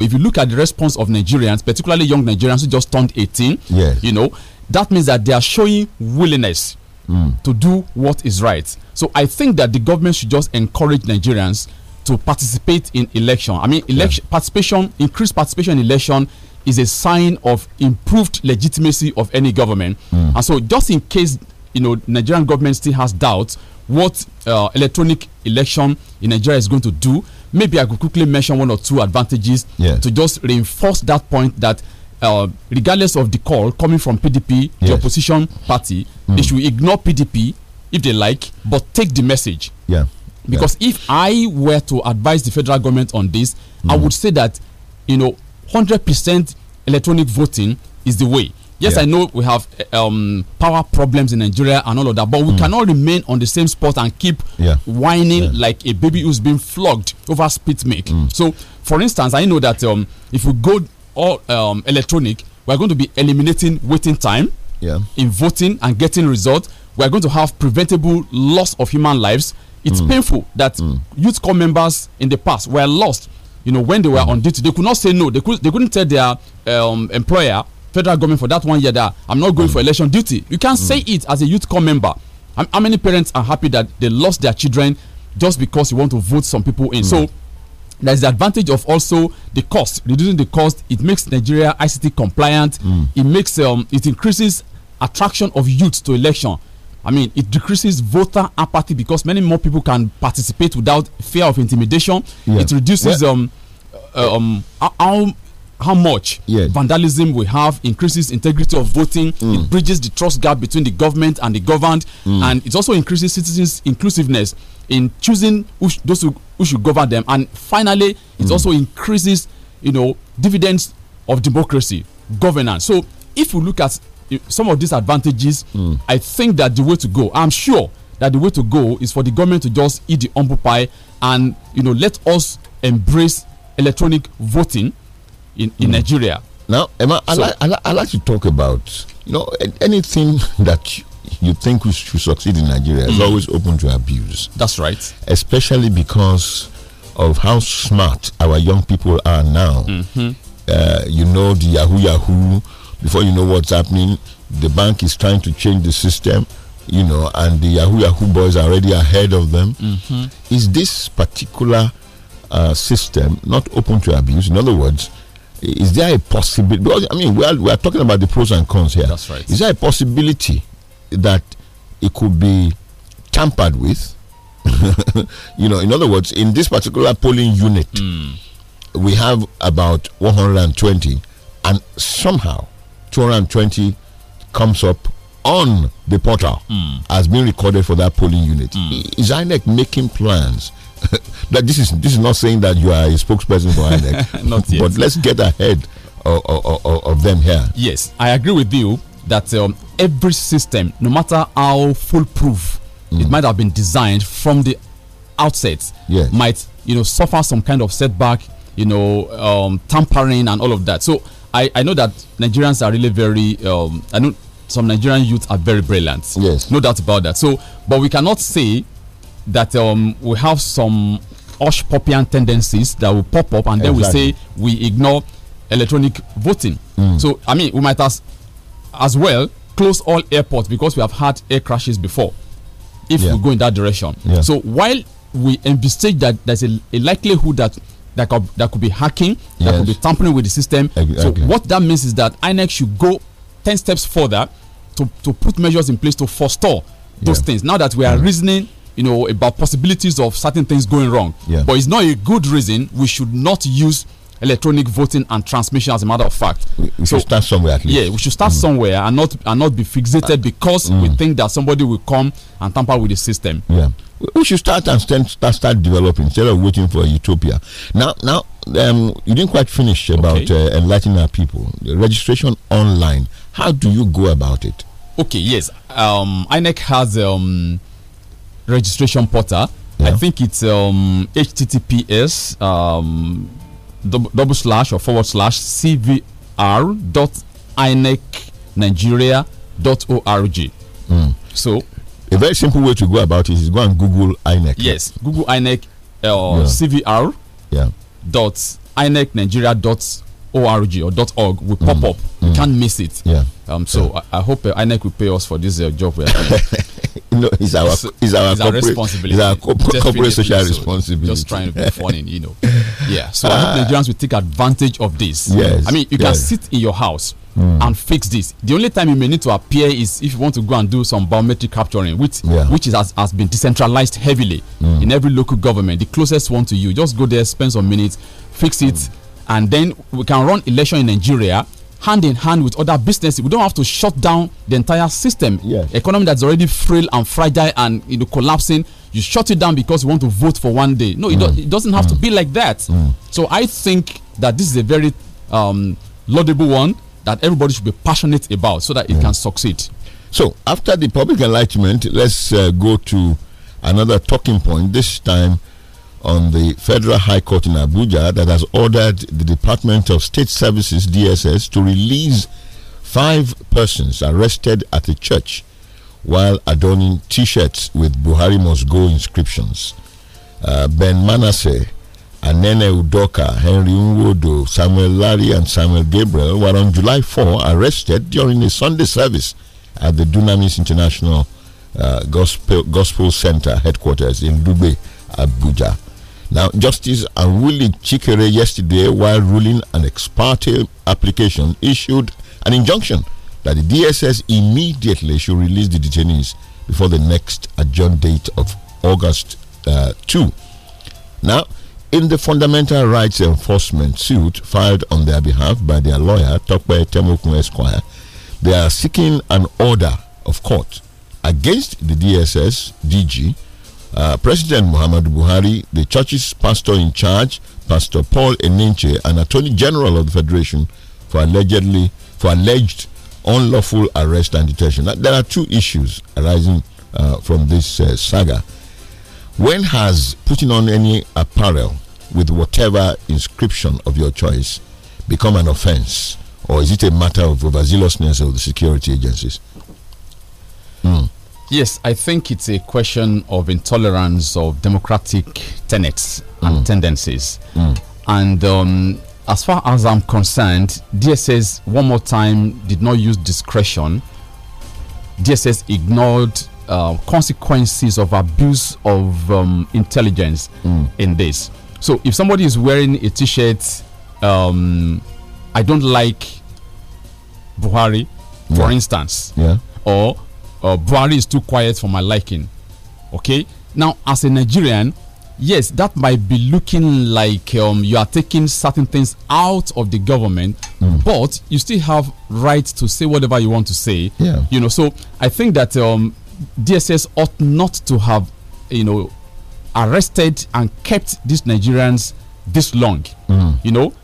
if you look at the response of Nigerians, particularly young Nigerians who just turned 18, yes. you know, that means that they are showing willingness mm. to do what is right. So I think that the government should just encourage Nigerians to participate in election. I mean, election yeah. participation, increased participation in election is a sign of improved legitimacy of any government. Mm. And so just in case, you know, Nigerian government still has doubts what uh, electronic election in Nigeria is going to do, maybe I could quickly mention one or two advantages yes. to just reinforce that point that uh, regardless of the call coming from PDP, yes. the opposition party, mm. they hmm. should ignore PDP if they like, but take the message. Yeah. Because yeah. if I were to advise the federal government on this, mm. I hmm. would say that, you know, 100% electronic voting is the way. Yes, yeah. I know we have um, power problems in Nigeria and all of that, but we mm. cannot remain on the same spot and keep yeah. whining yeah. like a baby who's been flogged over spit milk. Mm. So, for instance, I know that um, if we go all um, electronic, we're going to be eliminating waiting time in voting and getting results. We're going to have preventable loss of human lives. It's mm. painful that hmm. youth corps members in the past were lost. You know, when they were hmm. on duty, they could not say no. They could. They couldn't tell their um, employer federal government for that one year that I'm not going mm. for election duty. You can't mm. say it as a youth corps member. how many parents are happy that they lost their children just because you want to vote some people in? Mm. So there's the advantage of also the cost, reducing the cost. It makes Nigeria ICT compliant. Mm. It makes um, it increases attraction of youth to election. I mean, it decreases voter apathy because many more people can participate without fear of intimidation. Yeah. It reduces well, um, uh, um, how how much yes. vandalism we have increases integrity of voting mm. it bridges the trust gap between the government and the governed mm. and it also increases citizens inclusiveness in choosing who those who, who, should govern them and finally it mm. also increases you know dividends of democracy governance so if we look at some of these advantages mm. i think that the way to go i'm sure that the way to go is for the government to just eat the humble pie and you know let us embrace electronic voting in, in mm. Nigeria. Now, Emma, so, I, like, I, I, like to talk about you know anything that you, you think we should succeed in Nigeria is hmm. always open to abuse. That's right. Especially because of how smart our young people are now. Mm -hmm. uh, you know the Yahoo Yahoo. Before you know what's happening, the bank is trying to change the system. You know, and the Yahoo Yahoo boys are already ahead of them. Mm -hmm. Is this particular uh, system not open to abuse? In other words, is there a possibility? Because I mean, we are, we are talking about the pros and cons here. That's right. Is there a possibility that it could be tampered with? you know, in other words, in this particular polling unit, mm. we have about 120, and somehow 220 comes up on the portal mm. as being recorded for that polling unit. Mm. Is INEC making plans that this is this is not saying that you are a spokesperson for INEC. not yet. But let's get ahead of, of, of, them here. Yes, I agree with you that um, every system, no matter how foolproof mm. it might have been designed from the outset, yes. might you know suffer some kind of setback, you know, um, tampering and all of that. So I, I know that Nigerians are really very um, I know some Nigerian youth are very brilliant. Yes, no doubt about that. So, but we cannot say that um, we have some hush poppyan tendencies that will pop up and then exactly. we say we ignore electronic voting. Mm. So, I mean, we might as, as well close all airports because we have had air crashes before if yeah. we go in that direction. Yeah. So, while we envisage that there's a, a likelihood that that could, that could be hacking, yes. that could be tampering with the system. Exactly. So, what that means is that INEC should go 10 steps further to, to put measures in place to forestall those yeah. things. Now that we are mm. reasoning you know, about possibilities of certain things going wrong. Yeah. But it's not a good reason we should not use electronic voting and transmission as a matter of fact. We, we so, should start somewhere at least. Yeah, we should start mm. somewhere and not and not be fixated mm. because mm. we think that somebody will come and tamper with the system. Yeah. We should start and stand, start start developing instead of waiting for utopia. Now now um, you didn't quite finish about okay. uh, enlightening our people. The registration online. How do you go about it? Okay, yes. Um INEC has um registration portal. Yeah. I think it's um, HTTPS um, double, double, slash or forward slash CVR dot INEC Nigeria dot org. Mm. So, a very simple way to go about it is go and Google INEC. Yes, Google INEC uh, yeah. CVR yeah. dot INEC Nigeria dot org or dot org will pop mm. up. You mm. can't miss it. Yeah. Um. So yeah. I, I, hope uh, INEC will pay us for this uh, job. no, it's our it's our, it's our responsibility. It's our corporate social so responsibility. Just trying to be funny, you know. Yeah. So uh, I hope ah. Nigerians will take advantage of this. Yes. I mean, you yes. can sit in your house. Mm. and fix this. The only time you may need to appear is if you want to go and do some biometric capturing, which yeah. which is, has, has been decentralized heavily mm. in every local government. The closest one to you, just go there, spend some minutes, fix it. Mm and then we can run election in Nigeria hand in hand with other businesses. We don't have to shut down the entire system. Yes. Economy that's already frail and fragile and you know collapsing. You shut it down because you want to vote for one day. No, mm. it, do mm. it, doesn't have mm. to be mm. like that. Mm. So I think that this is a very um, laudable one that everybody should be passionate about so that it mm. can succeed. So after the public enlightenment, let's uh, go to another talking point. This time on the Federal High Court in Abuja that has ordered the Department of State Services DSS to release five persons arrested at a church while adorning T-shirts with Buhari must go inscriptions. Uh, ben Manasseh, Anene Udoka, Henry Nwodo, Samuel Larry, and Samuel Gabriel were on July 4 arrested during a Sunday service at the Dunamis International uh, Gospel, Gospel Center headquarters in Dubé, Abuja. Now, Justice Anwili Chikere yesterday, while ruling an ex parte application, issued an injunction that the DSS immediately should release the detainees before the next adjourned date of August uh, 2. Now, in the fundamental rights enforcement suit filed on their behalf by their lawyer, Tokwe Temokun Esquire, they are seeking an order of court against the DSS DG uh, President Muhammad Buhari, the church's pastor in charge, Pastor Paul Eninche, and attorney general of the Federation, for allegedly for alleged unlawful arrest and detention. Now, there are two issues arising uh, from this uh, saga. When has putting on any apparel with whatever inscription of your choice become an offense, or is it a matter of overzealousness of the security agencies? Mm. Yes, I think it's a question of intolerance of democratic tenets and mm. tendencies. Mm. And um, as far as I'm concerned, DSS, one more time, did not use discretion. DSS ignored uh, consequences of abuse of um, intelligence mm. in this. So if somebody is wearing a t shirt, um, I don't like Buhari, for yeah. instance, yeah. or uh, Buhari is too quiet for my liking. Okay, now as a Nigerian, yes, that might be looking like um, you are taking certain things out of the government, mm. but you still have right to say whatever you want to say. Yeah. You know, so I think that um, DSS ought not to have, you know, arrested and kept these Nigerians this long. Mm. You know,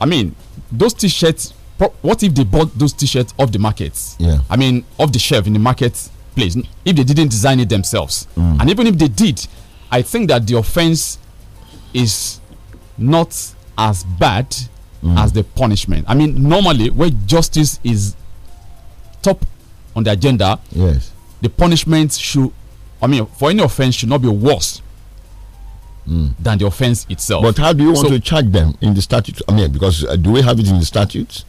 I mean, those t-shirts what if they bought those t-shirts off the markets? Yeah. I mean, off the shelf in the market place. If they didn't design it themselves, mm. and even if they did, I think that the offense is not as bad mm. as the punishment. I mean, normally where justice is top on the agenda, yes, the punishment should. I mean, for any offense should not be worse Mm. than the offense itself. But how do you want so, to charge them in the statute? I mean, because uh, do we have it in the statute?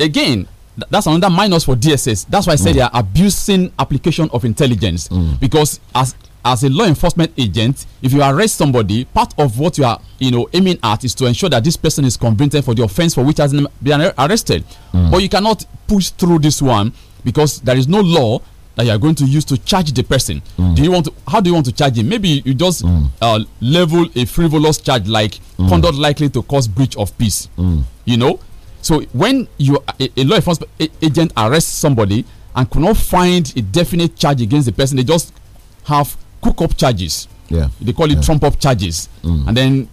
again, that's another minus for DSS. That's why I said mm. they are abusing application of intelligence mm. because as as a law enforcement agent, if you arrest somebody, part of what you are you know aiming at is to ensure that this person is convicted for the offense for which has been arrested. Mm. But you cannot push through this one because there is no law that you are going to use to charge the person. Mm. Do you want to? How do you want to charge him? Maybe you just mm. uh, level a frivolous charge like mm. conduct likely to cause breach of peace. You know so when you a, a law enforcement agent arrests somebody and cannot find a definite charge against the person, they just have cook up charges. Yeah. They call it yeah. trump up charges, mm. and then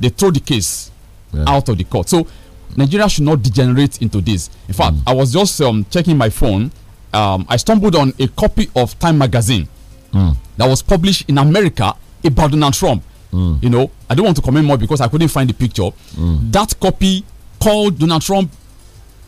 they throw the case yeah. out of the court. So Nigeria should not degenerate into this. In fact, mm. I was just um, checking my phone. Um, I stumbled on a copy of Time magazine mm. that was published in America about Donald Trump. Mm. You know, I don't want to comment more because I couldn't find the picture. Mm. That copy called Donald Trump,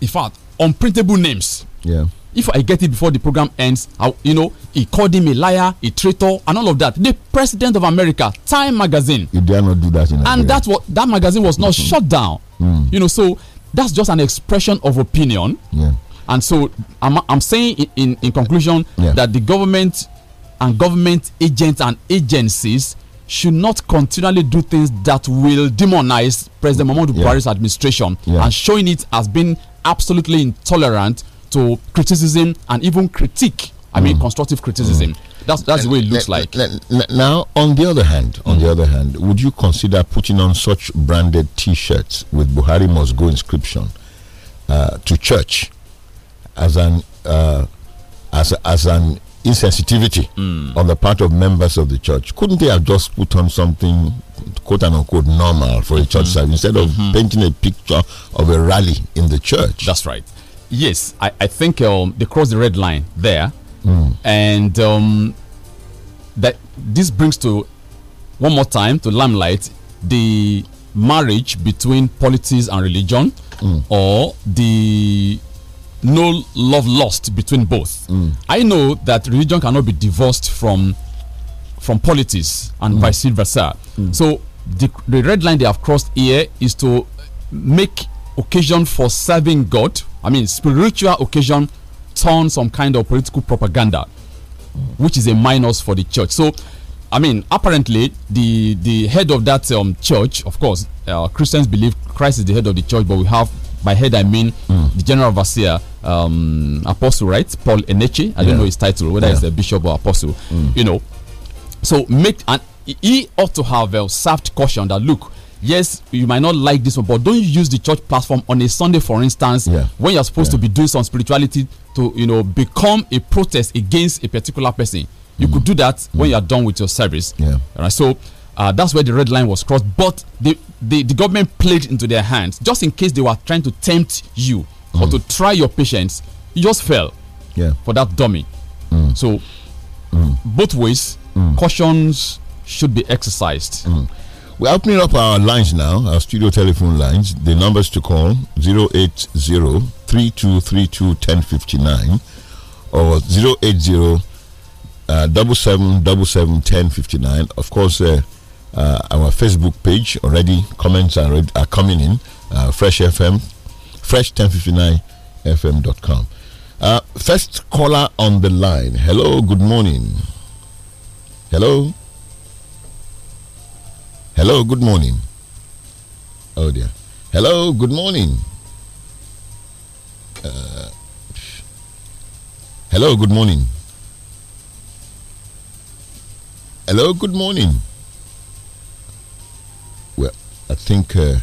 in fact, unprintable names. Yeah. If I get it before the program ends, I, you know, he called him a liar, a traitor, and all of that. The president of America, Time Magazine. He dare not do that. and that was that magazine was not mm -hmm. shut down. Mm. You know, so that's just an expression of opinion. Yeah. And so I'm, I'm saying in, in, in conclusion yeah. that the government and government agents and agencies should not continually do things that will demonize President Muhammadu yeah. Buhari's administration yeah. and showing it as being absolutely intolerant to criticism and even critique. I mm. mean, constructive criticism. Mm. That's that's the way it looks like. Now, on the other hand, on mm. the other hand, would you consider putting on such branded T-shirts with Buhari must go inscription uh, to church as an uh, as as an insensitivity mm. on the part of members of the church. Couldn't they have just put on something, quote unquote, normal for a church mm. service instead of -hmm. painting a picture of a rally in the church? That's right. Yes, I, I think um, they crossed the red line there. Hmm. And um, that this brings to one more time to limelight the marriage between politics and religion mm. or the no love lost between both. Mm. I know that religion cannot be divorced from from politics and mm. vice versa. Mm. So the, the red line they have crossed here is to make occasion for serving God, I mean spiritual occasion, turn some kind of political propaganda, which is a minus for the church. So I mean, apparently, the the head of that um, church, of course, uh, Christians believe Christ is the head of the church, but we have by head, I mean mm. the general overseer, um, apostle, right? Paul Eneche. I yeah. don't know his title, whether yeah. he's a bishop or apostle. Mm. You know, so make and he ought to have a soft caution that look, yes, you might not like this one, but don't use the church platform on a Sunday, for instance, yeah. when you're supposed yeah. to be doing some spirituality to, you know, become a protest against a particular person. You mm. could do that mm. when hmm. you're done with your service. Yeah. All right. So uh, that's where the red line was crossed. But the, the, the, government played into their hands just in case they were trying to tempt you mm. or to try your patience. You just fell yeah. for that dummy. Mm. So, mm. both ways, mm. cautions should be exercised. Mm. We're opening up our lines now, our studio telephone lines. The numbers to call 080 3232 1059 or 080 uh, double seven double seven ten fifty nine. Of course, uh, uh, our Facebook page already. Comments are, read, are coming in. Uh, Fresh FM, fresh1059fm.com. Uh, first caller on the line. Hello, good morning. Hello. Hello, good morning. Oh dear. Hello, good morning. Uh, hello, good morning. Hello, good morning. I think uh,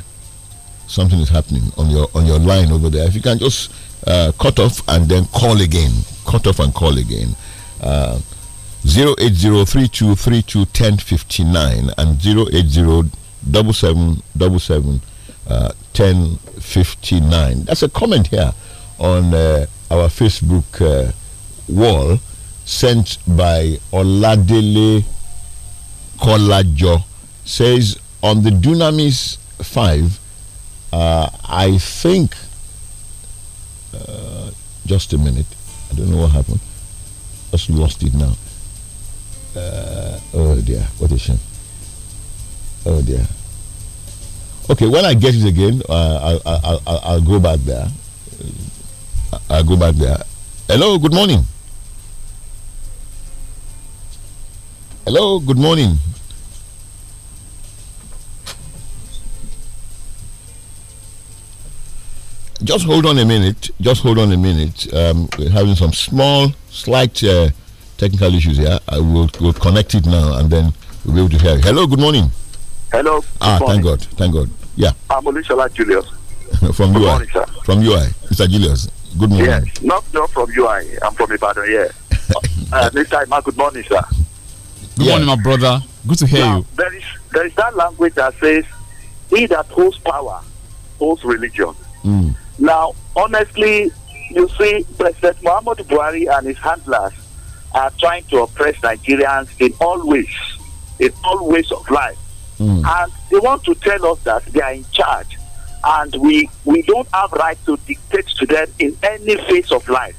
something is happening on your on your line over there. If you can just uh, cut off and then call again, cut off and call again. Uh, 08032321059 and 0807777 uh, 1059. That's a comment here on uh, our Facebook uh, wall sent by Oladele Kolajo. Says on the Dunamis 5, uh, I think, uh, just a minute, I don't know what happened. Just lost it now. Uh, oh dear, what a shame. Oh dear. Okay, when I get it again, uh, I'll, I'll, I'll, I'll, go back there. Uh, I'll go back there. Hello, good morning. Hello, good morning. just hold on a minute. Just hold on a minute. Um, we're having some small, slight uh, technical issues here. I will will connect it now, and then we'll be able to hear. You. Hello. Good morning. Hello. Ah, good ah, morning. thank God. Thank God. Yeah. I'm Olushola Julius. from good UI. Morning, sir. From UI, Mr. Julius. Good morning. Yes. Not not from UI. I'm from Ibadan. Yeah. uh, Mr. Ima, good morning, sir. Good yeah. morning, my brother. Good to hear now, you. There is there is that language that says, "He that holds power holds religion." Mm. Now, honestly, you see, President Muhammad Buhari and his handlers are trying to oppress Nigerians in all ways, in all ways of life. Mm. And they want to tell us that they are in charge and we, we don't have right to dictate to them in any phase of life.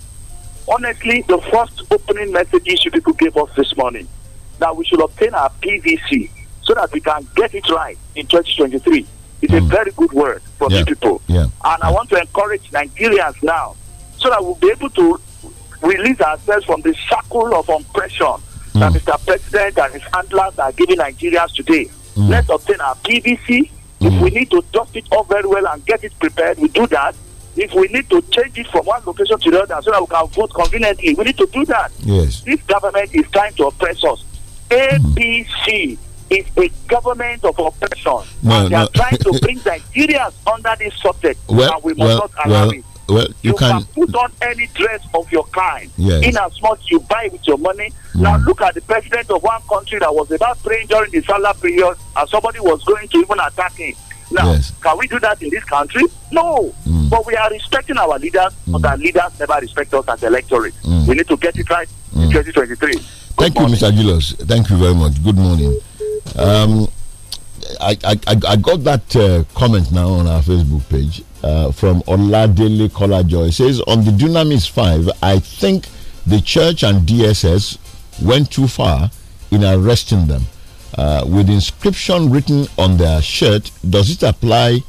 Honestly, the first opening message you people gave us this morning that we should obtain our PVC so that we can get it right in 2023. It's mm. a very good word for yeah. people. Yeah. And yeah. I want to encourage Nigerians now so that we'll be able to release ourselves from the shackle of oppression mm. that Mr. President and his handlers are giving Nigerians today. Mm. Let's obtain our PVC. If mm. we need to dust it up very well and get it prepared, we do that. If we need to change it from one location to the other so that we can vote conveniently, we need to do that. Yes. This government is trying to oppress us. ABC is a government of oppression. Well, and they are trying to bring Nigerians under this subject. Well, and we must well, not allow well. it. Well, you, you can, can, put on any dress of your kind yes. in as much you buy with your money. Mm. Now look at the president of one country that was about praying during the Salah period and somebody was going to even attack him. Now, yes. can we do that in this country? No. Mm. But we are respecting our leaders, mm. but our leaders never respect us as electorate. Mm. We need to get it right in mm. 2023. Good Thank morning. you, Mr. Gillas. Thank you very much. Good morning. Um, I, I, I got that uh, comment now on our Facebook page uh, from Oladele Kolajoy. It says, On the Dunamis 5, I think the church and DSS went too far in arresting them. Uh, with inscription written on their shirt, does it apply?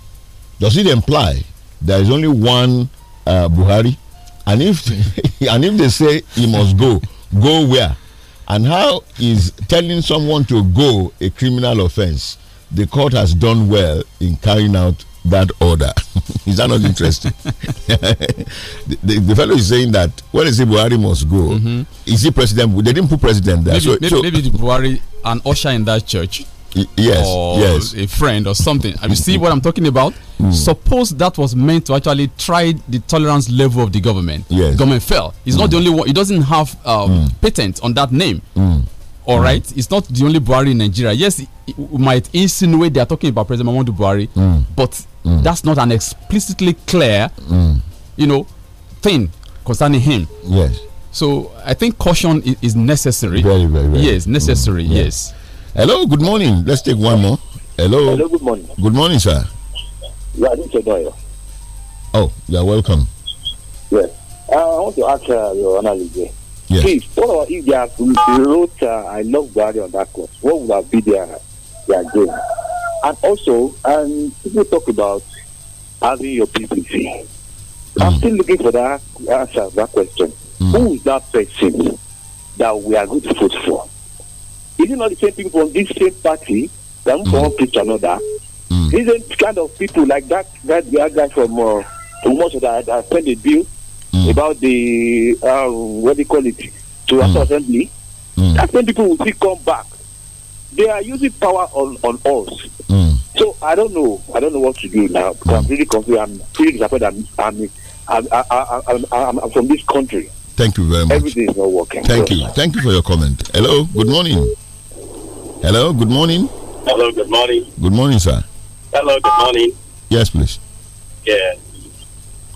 Does it imply there is only one uh, Buhari? And if and if they say he must go, go where? And how is telling someone to go a criminal offense? The court has done well in carrying out that order. is that not interesting? the, the, the, fellow is saying that when is it Buhari must go? Mm -hmm. Is he president? They didn't put president there. Maybe, so, maybe, so, maybe the Buhari usher in that church yes, or yes. a friend or something. You see what I'm talking about? Mm. Suppose that was meant to actually try the tolerance level of the government. Yes. The government fell. It's mm. not the only one. It doesn't have um, mm. patent on that name. Mm. All mm. right, it's not the only Buhari in Nigeria. Yes, it, might insinuate they are talking about President Mahmoud Buhari, mm. but that's not an explicitly clear, you know, thing concerning him. Yes. So I think caution is, necessary. Very, very, very. Yes, necessary. Yes. Hello, good morning. Let's take one more. Hello. Hello, good morning. Good morning, sir. Yeah, this is Doyle. Oh, you're welcome. Yes. Uh, I want to ask uh, your analogy. Yes. Please, what about if they wrote uh, I love Guardian on that course? What would have been their, their game? And also, um, people talk about having your PPC. I'm hmm. still looking for that answer that question. Mm. Who is that person that we are going to vote for? Is it not the same people from this same party that move from one place to another? Mm. Isn't mm. kind of people like that that the guy from uh, from Moscow that, that sent a bill mm. about the uh, what do you call it to mm. assembly? Mm. that's when people will still come back. They are using power on on us. Mm. So I don't know. I don't know what to do now. Mm. I'm really confused. I'm really disappointed. I'm I'm, I'm, I'm, I'm, I'm from this country. Thank you very much. Everything is not working. Thank so you. Thank you for your comment. Hello. Good morning. Hello, good morning. Hello, good morning. Good morning, sir. Hello, good morning. Yes, please. Yeah.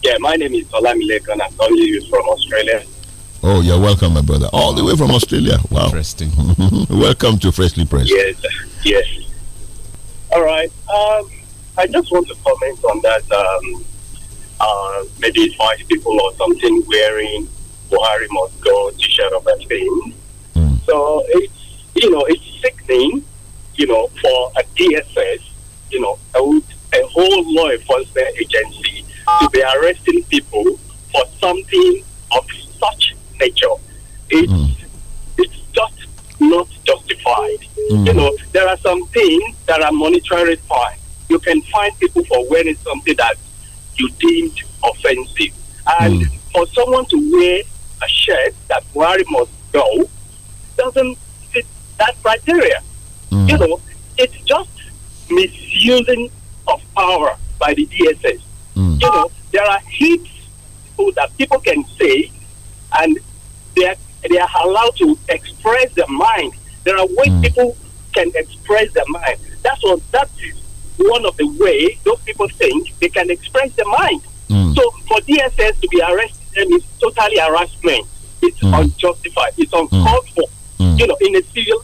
Yeah, my name is Olamilekon. I'm calling you from Australia. Oh, you're welcome, my brother. All the way from Australia. Wow. Interesting. welcome to Freshly Pressed. Yes, yes. All right. Um, I just want to comment on that. Um, uh, maybe five people or something wearing Buhari must go T-shirt of a thing. Mm. So it's you know, it's sickening, you know, for a DSS, you know, a, a whole law enforcement agency to be arresting people for something of such nature. It's, mm. it's just not justified. Mm. You know, there are some things that are monetary fine. You can fine people for wearing something that you deemed offensive. And mm. for someone to wear a shirt that Buhari must go doesn't that criteria. Mm. You know, it's just misusing of power by the DSS. Mm. You know, there are heaps that people can say, and they are, they are allowed to express their mind. There are ways mm. people can express their mind. That's what that is one of the way those people think they can express their mind. Mm. So for DSS to be arrested them is totally harassment. It's mm. unjustified. It's mm. uncalled for. Mm. You know, in a civil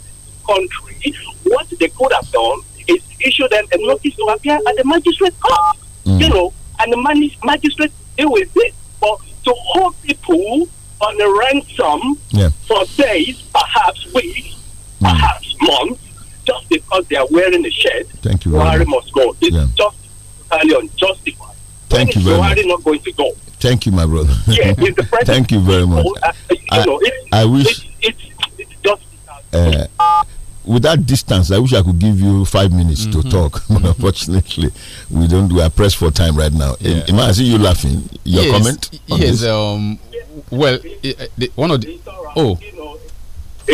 country, what they could have done is issue them a notice to appear at the magistrate court, mm. you know, and the man magistrate deal with it. But to hold people on a ransom yeah. for days, perhaps weeks, mm. perhaps months, just because they are wearing a shirt, Thank you Buhari must go. It's yeah. just entirely unjustified. Thank when you very Buhari much. not going to go? Thank you, my brother. yeah, Thank you very much. Oh, uh, I, wish. It's, just. Uh, with that distance, I wish I could give you five minutes mm -hmm. to mm-hmm. talk, but mm-hmm. unfortunately, we don't. We are pressed for time right now. Yeah. Am I see you laughing? Your yes, comment? yes. Um, well, eh, eh, the, one of the oh,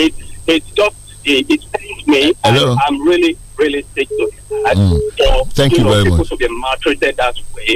it it stopped. It, eh, it pains me. Hello? I'm really really sick to it. mm. so, Thank you, know, very people much. to be maltreated that way.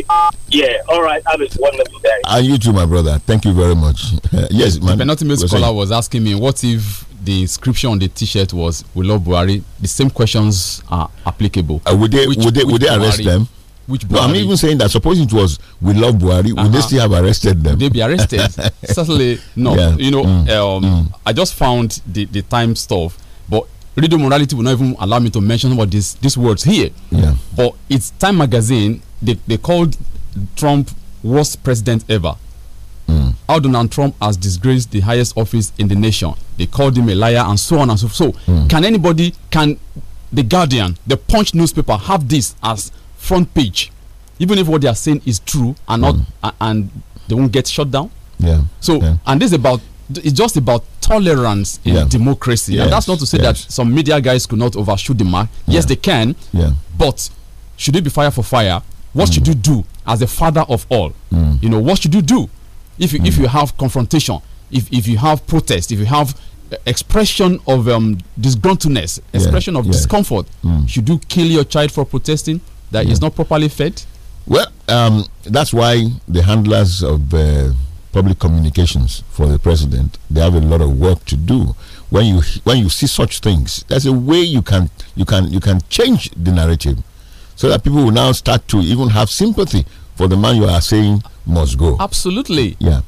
Yeah. All right. Have a wonderful day. And you too, my brother. Thank you very much. yes, my The penultimate caller was asking me, what if the inscription on the T-shirt was "We love Buhari." The same questions are applicable. Uh, would they? Which, would they? Would they arrest Buhari, them? Which no, I'm even saying that. Suppose it was "We love Buhari," would uh -huh. they uh-huh. still have arrested them? Would they be arrested? Certainly no. Yeah. You know, mm. Um, mm. I just found the the time stuff, but radio morality will not even allow me to mention what these these words here. Yeah. But it's Time Magazine. They they called Trump worst president ever Mm. How Donald Trump has disgraced the highest office in the nation. They called him a liar and so on and so forth. So, mm. can anybody, can the Guardian, the Punch newspaper have this as front page? Even if what they are saying is true and not, mm. and they won't get shut down. Yeah. So, yeah. and this is about it's just about tolerance in yeah. democracy. Yes. And that's not to say yes. that some media guys could not overshoot the mark. Yeah. Yes, they can. Yeah. But should it be fire for fire? What mm. should you do as a father of all? Mm. You know, what should you do? If you, mm. if you have confrontation, if, if you have protest, if you have eh, expression of um, disgruntledness, expression yeah, of yeah. discomfort, mm. should you kill your child for protesting that yeah. is not properly fed? Well, um, that's why the handlers of uh, public communications for the president they have a lot of work to do. When you when you see such things, there's a way you can you can you can change the narrative, so that people will now start to even have sympathy for the man you are saying must go. Absolutely. Yeah.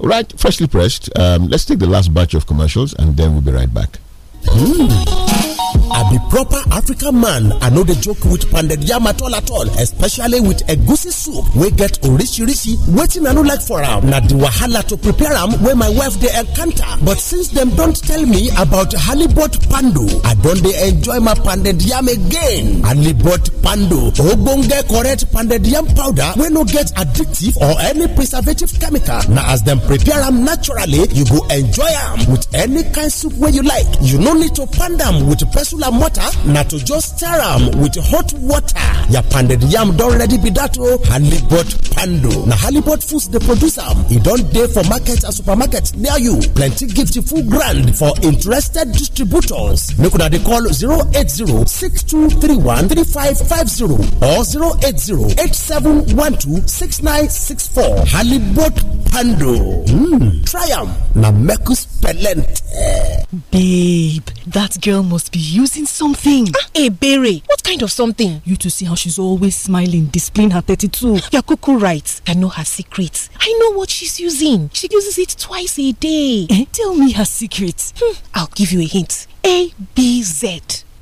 Right, freshly pressed. Um, let's take the last batch of commercials and then we'll be right back. Mm i be proper african man i know the joke with pounded yam at all at all especially with a goosey soup We get orishirishi wetin i no like for him. na the wahala to prepare am wey my wife dey encounter but since don't tell me about halibut pandu, i don't dey enjoy my pounded yam again halibut Pandu, ogbonge correct pounded yam powder We no get addictive or any preservative chemical Now as them prepare them naturally you go enjoy them with any kind soup where you like you no need to pound with pestle and mortar na to just stir am with hot water. Your pounded yam don ready be that o. Oh. Halibut pando na Halibut Foods dey produce am. E don dey for markets and supermarkets near you. Plenty gift full grand for interested distributors. Make una dey call 08062313550 or 08087126964. Halibut pando. Mm. Try am na Mekus Pelent. Babe, that girl must be using something. Ah, hey, eh, Berry, what kind of something? You to see how she's always smiling, displaying her 32. Yakuku are right. I know her secrets. I know what she's using. She uses it twice a day. Eh? Tell me her secrets. Hmm, I'll give you a hint. A B Z.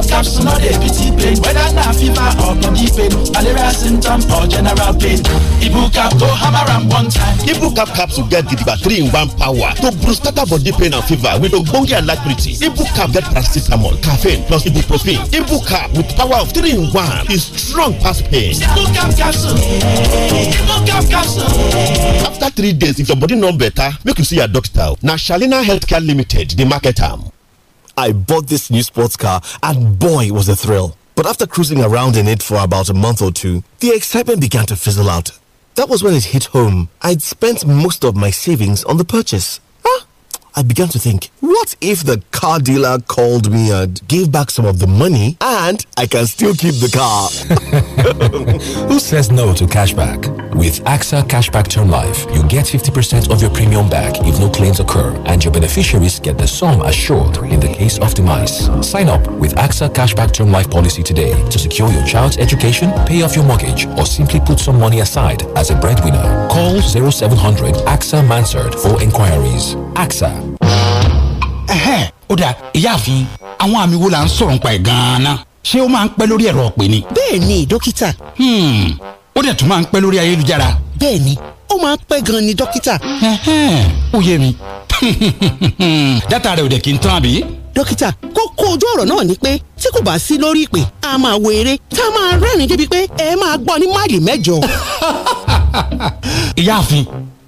cough capsule no dey pity pain whether na fever or body pain malaria symptom or general pain ibucap go hammer and one time. ibucap capsule get the battery in one power to boost scatter body pain and fever with ogbonge alacrity. ibucap get paracetamol caffeine plus ibuprofen. ibucap with power of three in one is strong past pain. ibucap capsule ibucap capsule. after three days if your body no better make you see your doctor na shalina healthcare limited the market arm. I bought this new sports car, and boy, was a thrill. But after cruising around in it for about a month or two, the excitement began to fizzle out. That was when it hit home. I'd spent most of my savings on the purchase. Huh? I began to think, what if the car dealer called me and gave back some of the money and I can still keep the car? Who says no to cashback? With AXA Cashback Term Life, you get 50% of your premium back if no claims occur, and your beneficiaries get the sum assured in the case of demise. Sign up with AXA Cashback Term Life policy today to secure your child's education, pay off your mortgage, or simply put some money aside as a breadwinner. Call 0700 AXA Mansard for inquiries. AXA. Ẹ̀hẹ́, Oda, dáa, àwọn àmì wo la ń sọ̀rọ̀ nípa ẹ̀ gan-an? Ṣé ó máa ń pẹ́ lórí ẹ̀rọ ọ̀pẹ ni? dókítà. Hmm, ó dẹ̀ tún máa ń pẹ́ lórí ayélujára. bẹ́ẹ̀ni ó máa ń pẹ́ gan ni dókítà. ó yé mi dátà rẹ̀ ò dẹ̀ kí n tán àbí. dókítà kókó ojú ọ̀rọ̀ náà ni pé tí kò bá sí lórí ìpè a máa wo tá a máa rẹ́rìn-ín débi pé ẹ máa gbọ́ ní máìlì mẹ́jọ. ìyáàfin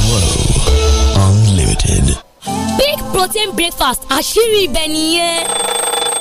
Grow Unlimited. Big protein breakfast àṣírí ibẹ̀ nìyẹn.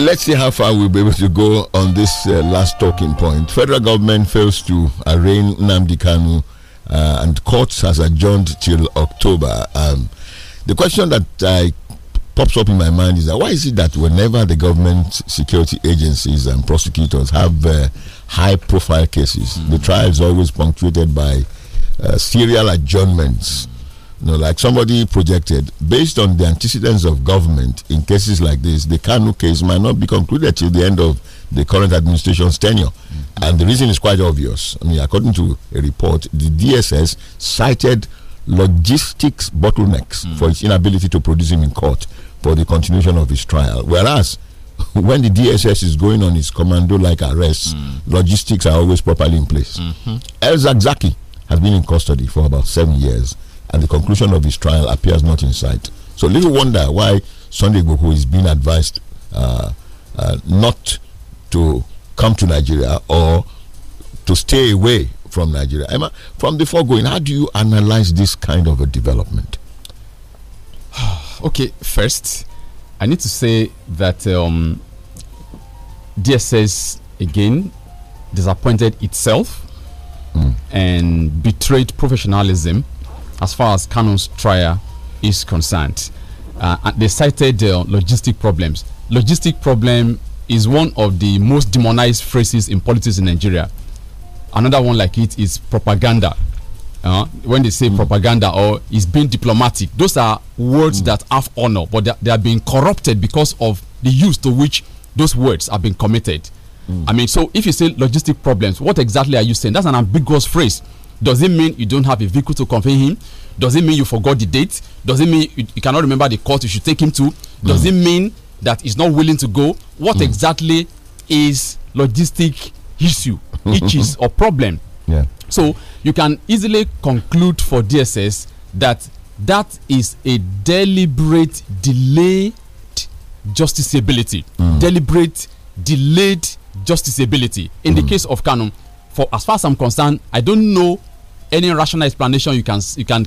let's see how far we'll be able to go on this uh, last talking point. Federal government fails to arraign Namdi Kanu, uh, and courts has adjourned till October. Um, the question that I pops up in my mind is that why is it that whenever the government security agencies and prosecutors have uh, high profile cases, mm -hmm. the trial is always punctuated by uh, serial adjournments? You know, like somebody projected, based on the antecedents of government in cases like this, the Kanu case might not be concluded till the end of the current administration's tenure. Mm -hmm. And the reason is quite obvious. I mean, according to a report, the DSS cited logistics bottlenecks mm. for its inability to produce him in court for the continuation of his trial. Whereas, when the DSS is going on its commando like arrests, mm. logistics are always properly in place. Mm -hmm. El Zagzaki has been in custody for about seven years and the conclusion of his trial appears not in sight. So little wonder why Sunday Igboho is being advised uh, uh, not to come to Nigeria or to stay away from Nigeria. Emma, from the foregoing, how do you analyze this kind of a development? okay, first, I need to say that um, DSS again disappointed itself mm. and betrayed professionalism as far as Kanu's trial is concerned. Uh, they cited uh, logistic problems. Logistic problem is one of the most demonized phrases in politics in Nigeria. Another one like it is propaganda. Uh, when they say mm. propaganda or is being diplomatic, those are words mm. that have honor, but they, they, are being corrupted because of the use to which those words are being committed. Mm. I mean, so if you say logistic problems, what exactly are you saying? That's an ambiguous phrase does it mean you don't have a vehicle to convey him? Does it mean you forgot the date? Does it mean you, you cannot remember the court you should take him to? Does mm. it mean that he's not willing to go? What mm. exactly is logistic issue, issues or problem? Yeah. So you can easily conclude for DSS that that is a deliberate delayed justiciability. Mm. Deliberate delayed justiciability. In mm. the case of Kanum. for as far as I'm concerned, I don't know any rational explanation you can you can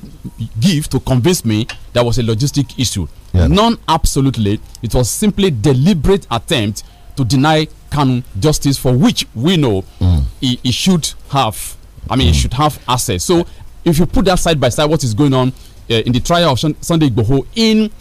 give to convince me there was a logistic issue. Yeah. None absolutely. It was simply deliberate attempt to deny Kanu justice for which we know mm. he, he, should have. I mean, mm. he should have access. So if you put that side by side, what is going on uh, in the trial of Sunday Igboho in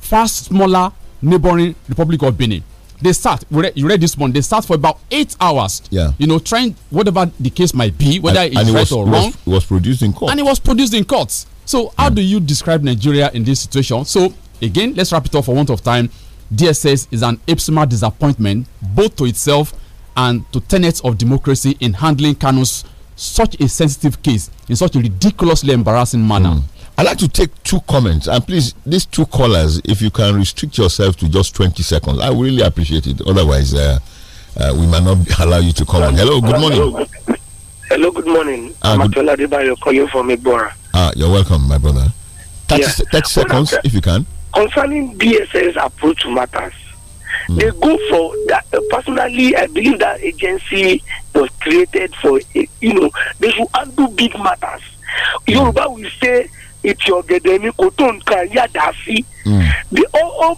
far smaller neighboring Republic of Benin? they start. you read this one. They start for about eight hours. Yeah. You know, trying whatever the case might be, whether and, it's and it right was, or wrong. Was, was produced in court. And it was produced in court. So how mm. do you describe Nigeria in this situation? So again, let's wrap it up for want of time. DSS is an epsilon disappointment both to itself and to tenets of democracy in handling Kanu's such a sensitive case in such a ridiculously embarrassing manner. Mm. I'd like to take two comments, and please, these two callers, if you can restrict yourself to just 20 seconds, I really appreciate it. Otherwise, uh, uh, we might not allow you to come on. Hello, good morning. Hello, good morning. Uh, I'm Atola Debayo calling from Ibora. Ah, you're welcome, my brother. 30, yeah. 30 seconds, if you can. Concerning BSS approach to matters, mm. they go for that. Uh, personally, I believe that agency was created for, uh, you know, they should handle big matters. Hmm. Yoruba will say ìtì ọ̀gẹ̀dẹ̀ ni kò tó nǹkan yàdá sí. Hmm. they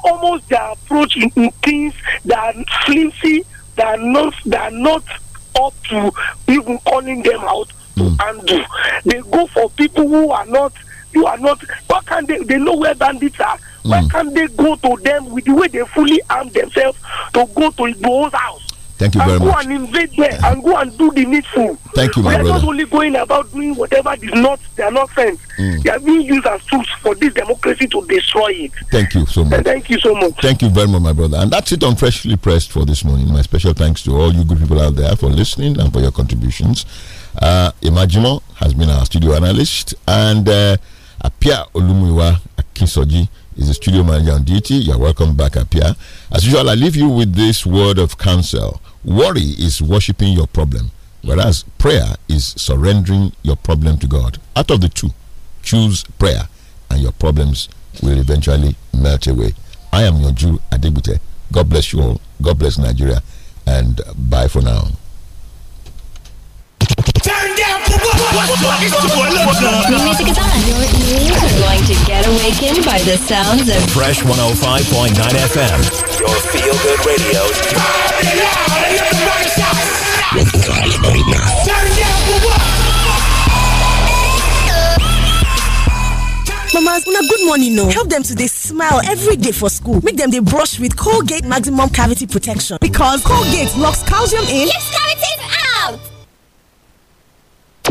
almost their approach in, in things that are flimsy that are not that are not up to even calling them out to mm. handle they go for people who are not you are not why can't they they know where bandits are mm. why hmm. can't they go to them with the way they fully arm themselves to go to those house Thank you very and much. And go and invade there and go and do the needful. Thank you, my They're not only going about doing whatever is not, their are Mm. They are being used as tools for this democracy to destroy it. Thank you so much. And thank you so much. Thank you very much, my brother. And that's it on Freshly Pressed for this morning. My special thanks to all you good people out there for listening and for your contributions. Uh, Imagino has been our studio analyst, and uh, Apia Olumuiwa Akisoji is the studio manager on duty. You're welcome back, Apia. As usual, I leave you with this word of counsel. Worry is worshiping your problem, whereas prayer is surrendering your problem to God. Out of the two, choose prayer, and your problems will eventually melt away. I am your Jew Adibute. God bless you all. God bless Nigeria. And bye for now burn down for what? What? What is the one love? Music is on. Your ears are going to get awakened by the sounds of Fresh 105.9 FM. Your feel good radio. Turn down for what? Mamas, una good morning no. Help them to they smile every day for school. Make them they brush with Colgate Maximum Cavity Protection because Colgate locks calcium in. Yes, cavity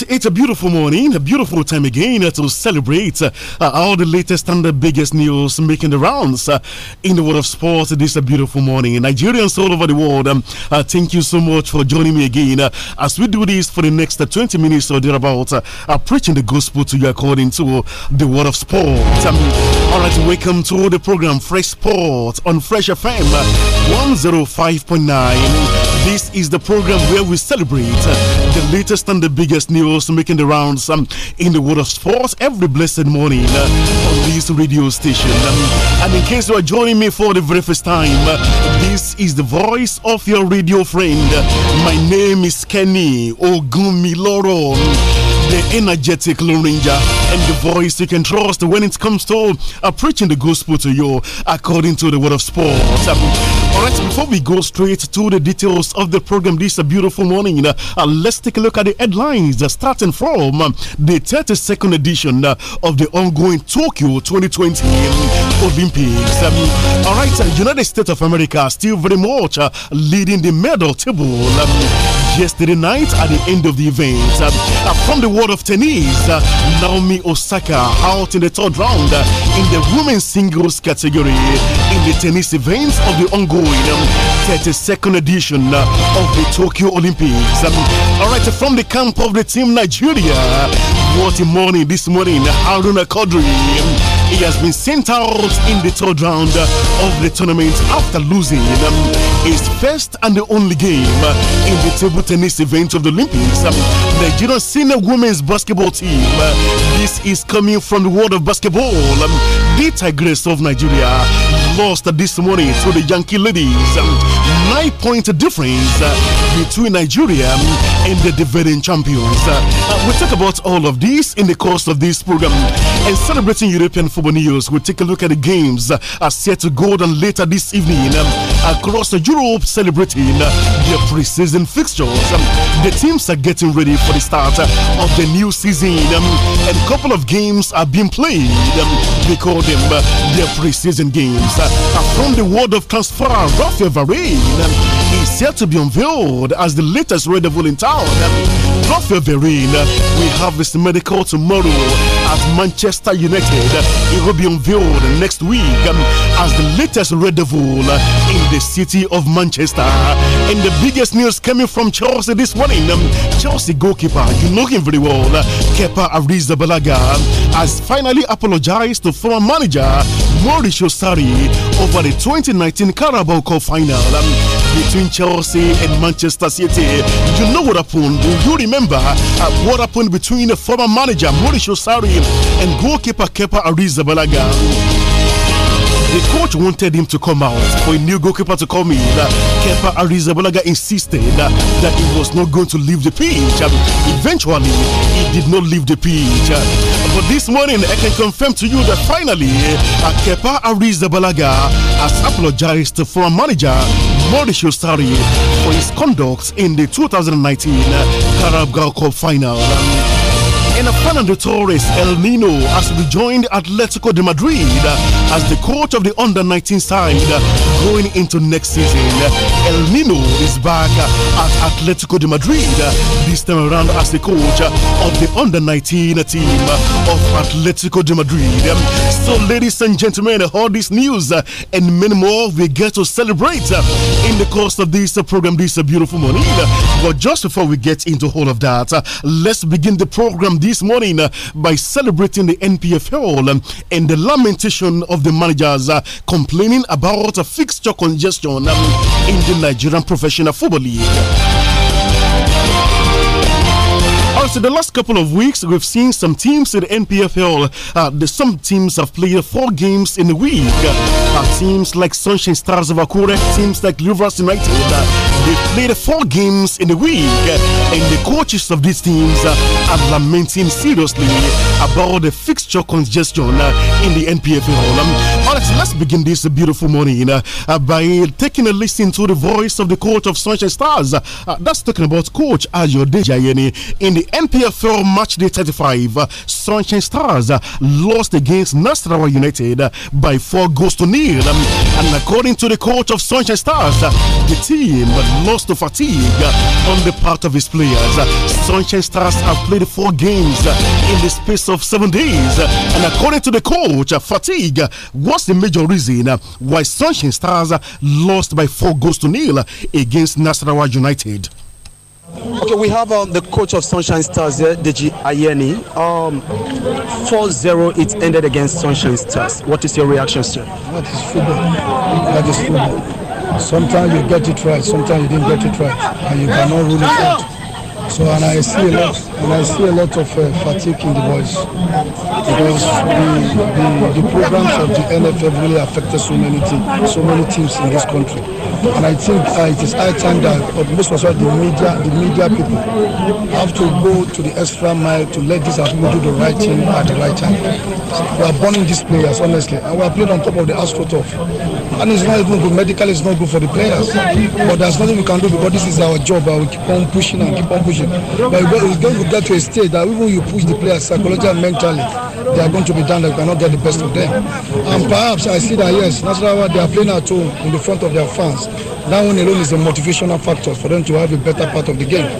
right, it's a beautiful morning, a beautiful time again uh, to celebrate uh, uh, all the latest and the biggest news making the rounds uh, in the world of sports. This is a beautiful morning. Nigerians all over the world, um, uh, thank you so much for joining me again as we do this for the next 20 minutes or thereabout, uh, preaching the gospel to you according to the world of sports. Um, all right, welcome to the program Fresh Sport on Fresh FM 105.9. This is the program where we celebrate the latest and the biggest news making the rounds um, in the world of sports every blessed morning uh, on this radio station. Um, and in case you are joining me for the very first time, uh, this is the voice of your radio friend. My name is Kenny Ogumiloro, the energetic Lone and the voice you can trust when it comes to uh, preaching the gospel to you according to the word of sport. Um, all right, before we go straight to the details of the program this uh, beautiful morning, uh, uh, let's take a look at the headlines uh, starting from um, the 32nd edition uh, of the ongoing Tokyo 2020 Olympics. Um, all right, United States of America still very much leading the medal table. Um, yesterday night at the end of the event, um, from the world of tennis, Naomi Osaka out in the third round in the women's singles category in the tennis events of the ongoing 32nd um, edition of the Tokyo Olympics. Um, all right, from the camp of the team Nigeria, what a morning this morning, Haruna Kodri um, he has been sent out in the third round of the tournament after losing um, his first and the only game in the table tennis event of the Olympics. Um, Nigerian senior women's basketball team. Uh, this is coming from the world of basketball. Um, the Tigress of Nigeria lost this morning to the Yankee ladies. Nine point difference uh, between Nigeria time the defending champions. Uh, we'll talk about all of these in the course of this program. And celebrating European football news, we'll take a look at the games uh, are set to go on later this evening um, across Europe, celebrating uh, their pre-season fixtures. Um, the teams are getting ready for the start uh, of the new season, um, and a couple of games are being played. Um, call them uh, their pre-season games. Uh, uh, from the world of transfer, Rafael Varane um, is set to be unveiled as the latest Red Devil in town proud of you. Verin we have his medical tomorrow at Manchester United. It will be unveiled next week um, as the latest Red in the city of Manchester. And the biggest news coming from Chelsea this morning um, Chelsea goalkeeper, you know him very well, Kepa Arrizabalaga, has finally apologized to former manager Mauricio Sari over the 2019 Carabao Cup final um, between Chelsea and Manchester City. You know what happened? Do you remember? uh, what happened between the former manager Mauricio Sarri and goalkeeper Kepa Arrizabalaga. The coach wanted him to come out for a new goalkeeper to come in. Uh, Kepa Arrizabalaga insisted uh, that he was not going to leave the pitch. Um, eventually, he did not leave the pitch. Uh, but this morning, I can confirm to you that finally, uh, Kepa Arrizabalaga has apologized to former manager Mauricio Sarri for his conduct in the 2019 Carabao Cup final. And Fernando Torres El Nino has rejoined Atletico de Madrid as the coach of the under 19 side going into next season. El Nino is back at Atletico de Madrid this time around as the coach of the under 19 team of Atletico de Madrid. So, ladies and gentlemen, all this news and many more we get to celebrate in the course of this program this beautiful morning. But just before we get into all of that, let's begin the program this morning by celebrating the NPFL and the lamentation of the managers complaining about a fix fixture congestion um, in the Nigerian Professional Football League. After the last couple of weeks, we've seen some teams in the NPFL. Uh, the, some teams have played four games in a week. Uh, teams like Sunshine Stars of Akure, teams like Luvras United, uh, they played four games in a week. Uh, and the coaches of these teams uh, are lamenting seriously about the fixture congestion uh, in the NPFL. Um, all right, let's begin this beautiful morning by taking a listen to the voice of the coach of Sunshine Stars. that's talking about Coach Ayo Dejayeni in the MPFL match day 35, Sunshine Stars lost against Nasrawa United by four goals to nil. and according to the coach of Sunshine Stars, the team lost to fatigue on the part of his players. Sunshine Stars have played four games in the space of seven days. And according to the coach, fatigue was the major reason why Sunshine Stars lost by four goals to nil against Nasrawa United. Okay, we have um, the coach of Sunshine Stars eh, Deji Ayeni. Um, 4-0, it ended against Sunshine Stars. What is your reaction, sir? That is football. That is football. Sometimes you get it right, sometimes you didn't get it right, and you cannot rule it out. So, and I see a lot, and I see a lot of uh, fatigue in the boys because the, the, the, programs of the NFF really affected so many teams, so many teams in this country. And I think uh, it is high time that, but most all, the media, the media people, have to go to the extra mile to let these people do the right thing at the right time. We are burning these players, honestly, and we are playing on top of the astroturf. And it's not even good medically, it's not good for the players. But there's nothing we can do because this is our job, and we keep on pushing and keep on pushing. competition. But it's going to get to a stage that even you push the players psychologically and mentally, they are going to be down. You cannot get the best of them. And perhaps I see that yes, naturally they are playing at home in the front of their fans. That one alone is a motivational factor for them to have a better part of the game.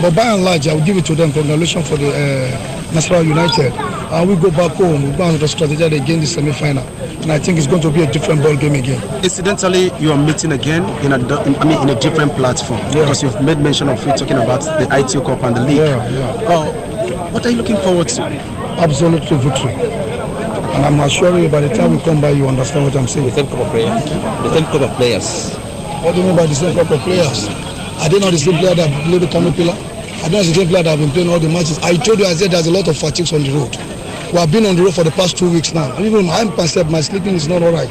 But by and large, I will give it to them. Congratulations for the uh, National United. and we go back home. We go on the strategy again the semi-final, and I think it's going to be a different ball game again. Incidentally, you are meeting again in a in, I mean in a different platform yeah. because you've made mention of it, talking about the ITU Cup and the league. Yeah, yeah. Uh, what are you looking forward to? Absolutely victory. And I'm assuring you, by the time we come by, you understand what I'm saying. The same group of players. The same of players. What do you mean by the same group of players? Are they not the same player that played the Canoe Pillar? And that's the same player that I've been playing all the matches. I told you, I said there's a lot of fatigues on the road. We have been on the road for the past two weeks now. And even I myself, my sleeping is not all right.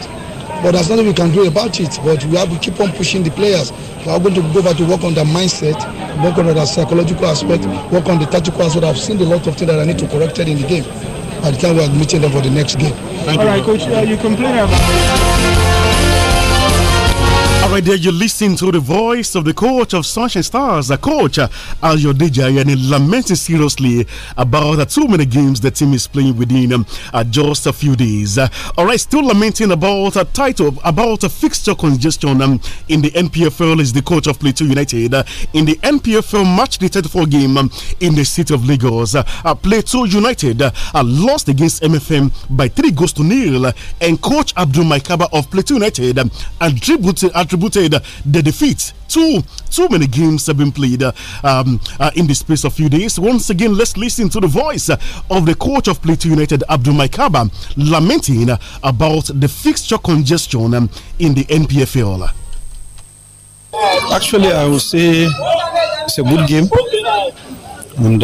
But there's nothing we can do about it. But we have to keep on pushing the players. We are going to go back to work on their mindset, work on their psychological aspect, work on the tactical aspect. I've seen a lot of things that I need to correct in the game by the time we are meeting them for the next game. Thank all you. right, coach, uh, you complain about. All right, there you listen to the voice of the coach of Sunshine Stars, a coach uh, as your DJ, and lamenting seriously about the too many games the team is playing within um, uh, just a few days. Uh, all right, still lamenting about a title, about a fixture congestion um, in the NPFL is the coach of Plateau United. Uh, in the NPFL match, the 34 game um, in the city of Lagos, uh, uh Plateau United uh, lost against MFM by three goals to nil, and coach Abdul Maikaba of Plateau United attributed um, attributed uh, the defeat too too many games have been played uh, um, uh, in the space of few days. Once again, let's listen to the voice uh, of the coach of Plateau United, Abdul Maikaba, lamenting about the fixture congestion um, in the NPFL. Actually, I would say it's a good game, and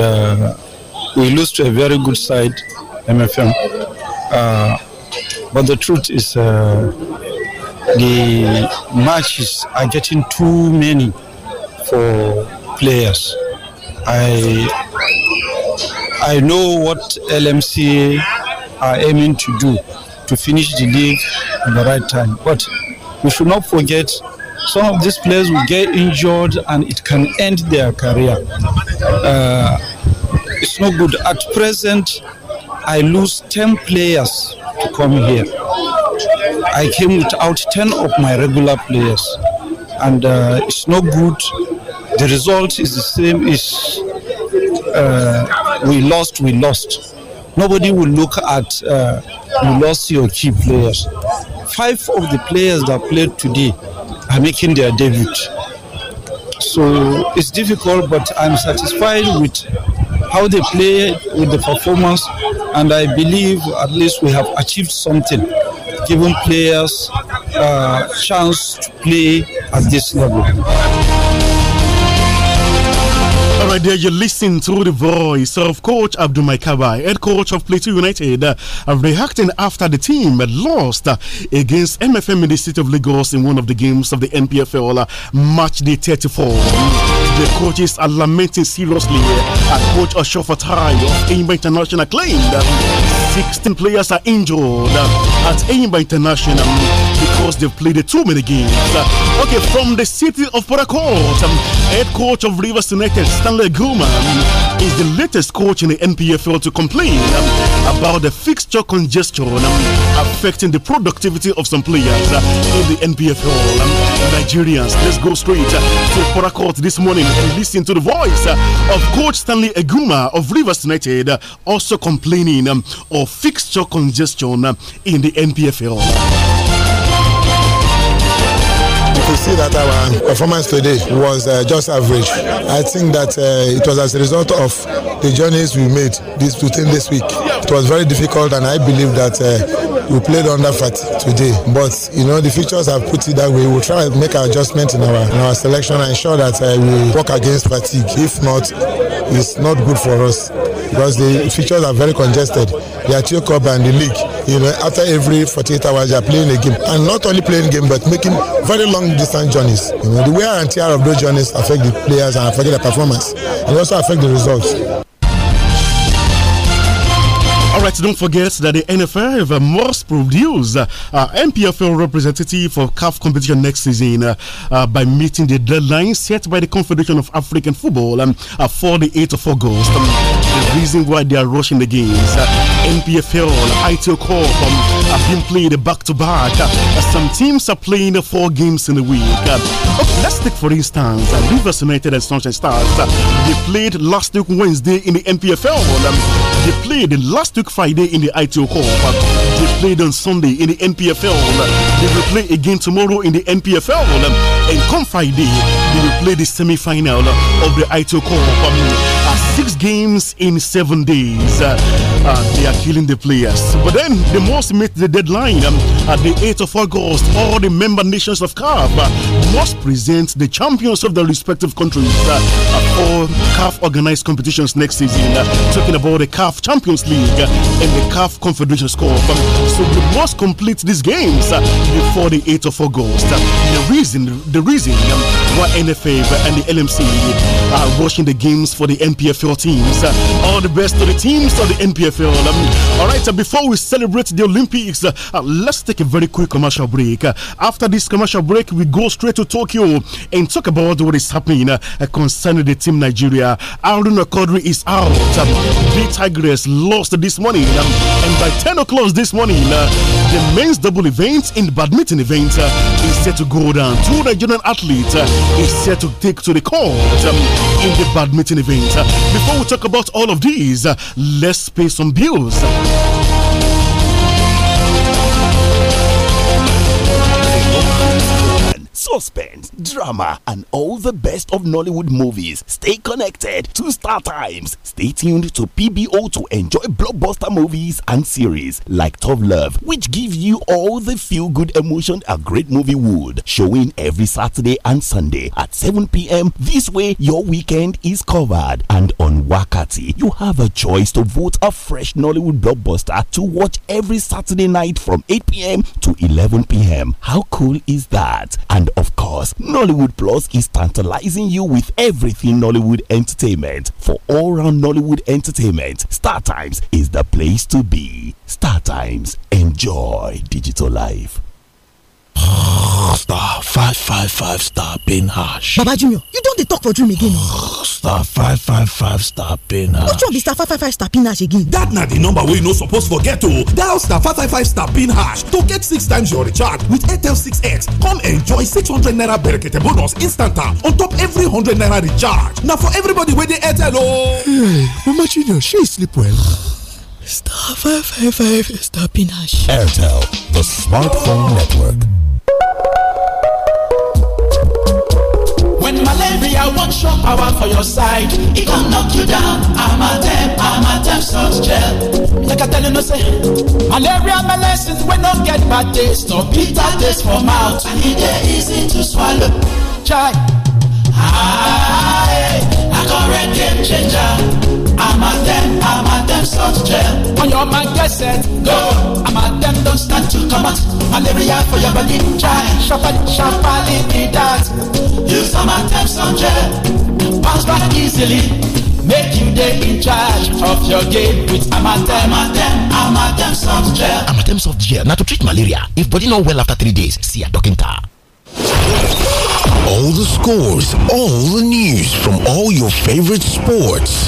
we lose to a very good side, MFM. but the truth is the matches are getting too many for players. I I know what LMC are aiming to do to finish the league at the right time, but we should not forget some of these players will get injured and it can end their career. Uh, it's no good. At present, I lose 10 players to come here. I came without 10 of my regular players, and uh, it's no good. The result is the same. Is uh, we lost, we lost. Nobody will look at uh, you lost your key players. Five of the players that played today are making their debut. So it's difficult, but I'm satisfied with how they play with the performance, and I believe at least we have achieved something giving players a uh, chance to play at this level right there, you listen to the voice of Coach Abdul Maikabai, head coach of Plateau United, uh, reacting after the team had lost uh, against MFM in the city of Lagos in one of the games of the NPFL uh, match day 34. The coaches are lamenting seriously uh, Coach Ashofatai of AIMBA International claimed that uh, 16 players are injured uh, at AIMBA International because they've played too many games. Uh, okay, from the city of Port Harcourt, um, head coach of Rivers United, Stanley Ole Guman is the latest coach in the NPFL to complain um, about the fixture congestion um, affecting the productivity of some players uh, in the NPFL. Um, Nigerians, let's go straight uh, to Court this morning and listen to the voice uh, of coach Stanley Eguma of Rivers United, also complaining of fixture congestion in the NPFL. To see that our performance today was uh, just average. I think that uh, it was as a result of the journeys we made this within this week. It was very difficult, and I believe that. Uh, we played under fat today but you know the features have put it that way we will try and make our adjustment in our in our selection and ensure that uh, we work against fatigue if not it's not good for us because the fixtures are very congested. They are two cup and the league. You know, after every 48 hours, they are playing a game, and not only playing game, but making very long distance journeys. You know, the wear and tear of those journeys affect the players and affect their performance. and also affect the results. All right, don't forget that the NFF must produce uh, MPFL uh, representative for CAF competition next season uh, uh, by meeting the deadline set by the Confederation of African Football um, uh, for the 8th of August. Um, the reason why they are rushing the games, uh, MPFL, ITO Corp um, have been played back to back. Uh, some teams are playing four games in a week. Uh, okay, let's take for instance uh, Rivers United and Sunshine Stars. they played last week Wednesday in the MPFL. Um, they played last week Friday in the ITO Cup. They played on Sunday in the NPFL. They will play again tomorrow in the NPFL. And come Friday, they will play the semi final of the ITO Cup. Six games in seven days. Uh, they are killing the players. But then they must meet the deadline um, at the 8th of August. All the member nations of CAF uh, must present the champions of their respective countries uh, for CAF organized competitions next season. Uh, talking about the CAF Champions League uh, and the CAF Confederation Cup. Um, so we must complete these games uh, before the 8th of August. the reason, the reason um, why NFA and the LMC are watching the games for the NPFL teams. all the best to the teams of the NPFL. Um, all right, uh, before we celebrate the Olympics, uh, uh, let's take a very quick commercial break. Uh, after this commercial break, we go straight to Tokyo and talk about what is happening uh, concerning the team Nigeria. Aaron Kodri is out. Um, the Tigers lost this morning, um, and by 10 o'clock this morning, uh, the men's double event in the badminton event is set to go down. Two Nigerian athletes is set to take to the court um, in the badminton event. before we talk about all of these, let's pay some views. suspense, drama, and all the best of Nollywood movies. Stay connected to Star Times. Stay tuned to PBO to enjoy blockbuster movies and series like Tough Love, which give you all the feel good emotion a great movie would. Showing every Saturday and Sunday at 7 p.m. This way, your weekend is covered. And on Wakati, you have a choice to vote a fresh Nollywood blockbuster to watch every Saturday night from 8 p.m. to 11 p.m. How cool is that? And and of course, Nollywood Plus is tantalizing you with everything Nollywood entertainment. For all round Nollywood entertainment, StarTimes is the place to be. StarTimes, enjoy digital life star five five five star pin hash. baba jr you don dey talk for dream again star five five five star pin hash. which one be star five five five star pin hash again. dat na di number wey you no suppose forget o oh. dial star five five five star pin hash to get six times your recharge with airtel 6x come enjoy six hundred naira berekete bonus instanta ah, on top every hundred naira recharge na for everybody wey dey airtel o. Oh. hey mama junior shey sleep well. star five five five star pin hash. airtel the smartphone network. wan show power for your side It con knock you down I'm a amatem amatem soft gel make i tell you no say malaria medicine we no get bad taste No bitter taste for mouth and e dey easy to swallow chai aye i correct game changer a Amatem salt gel. On your mind, gets set, go. Amatem don't stand to come out. Malaria for your body, try. Shuffle, shuffle, be that. Use Amatem salt gel. Bounce back easily. Make you day in charge of your game with Amatem, Amatem, Amatem soft gel. Amatem soft gel. Now to treat malaria. If body not well after three days, see a doctor. All the scores, all the news from all your favorite sports.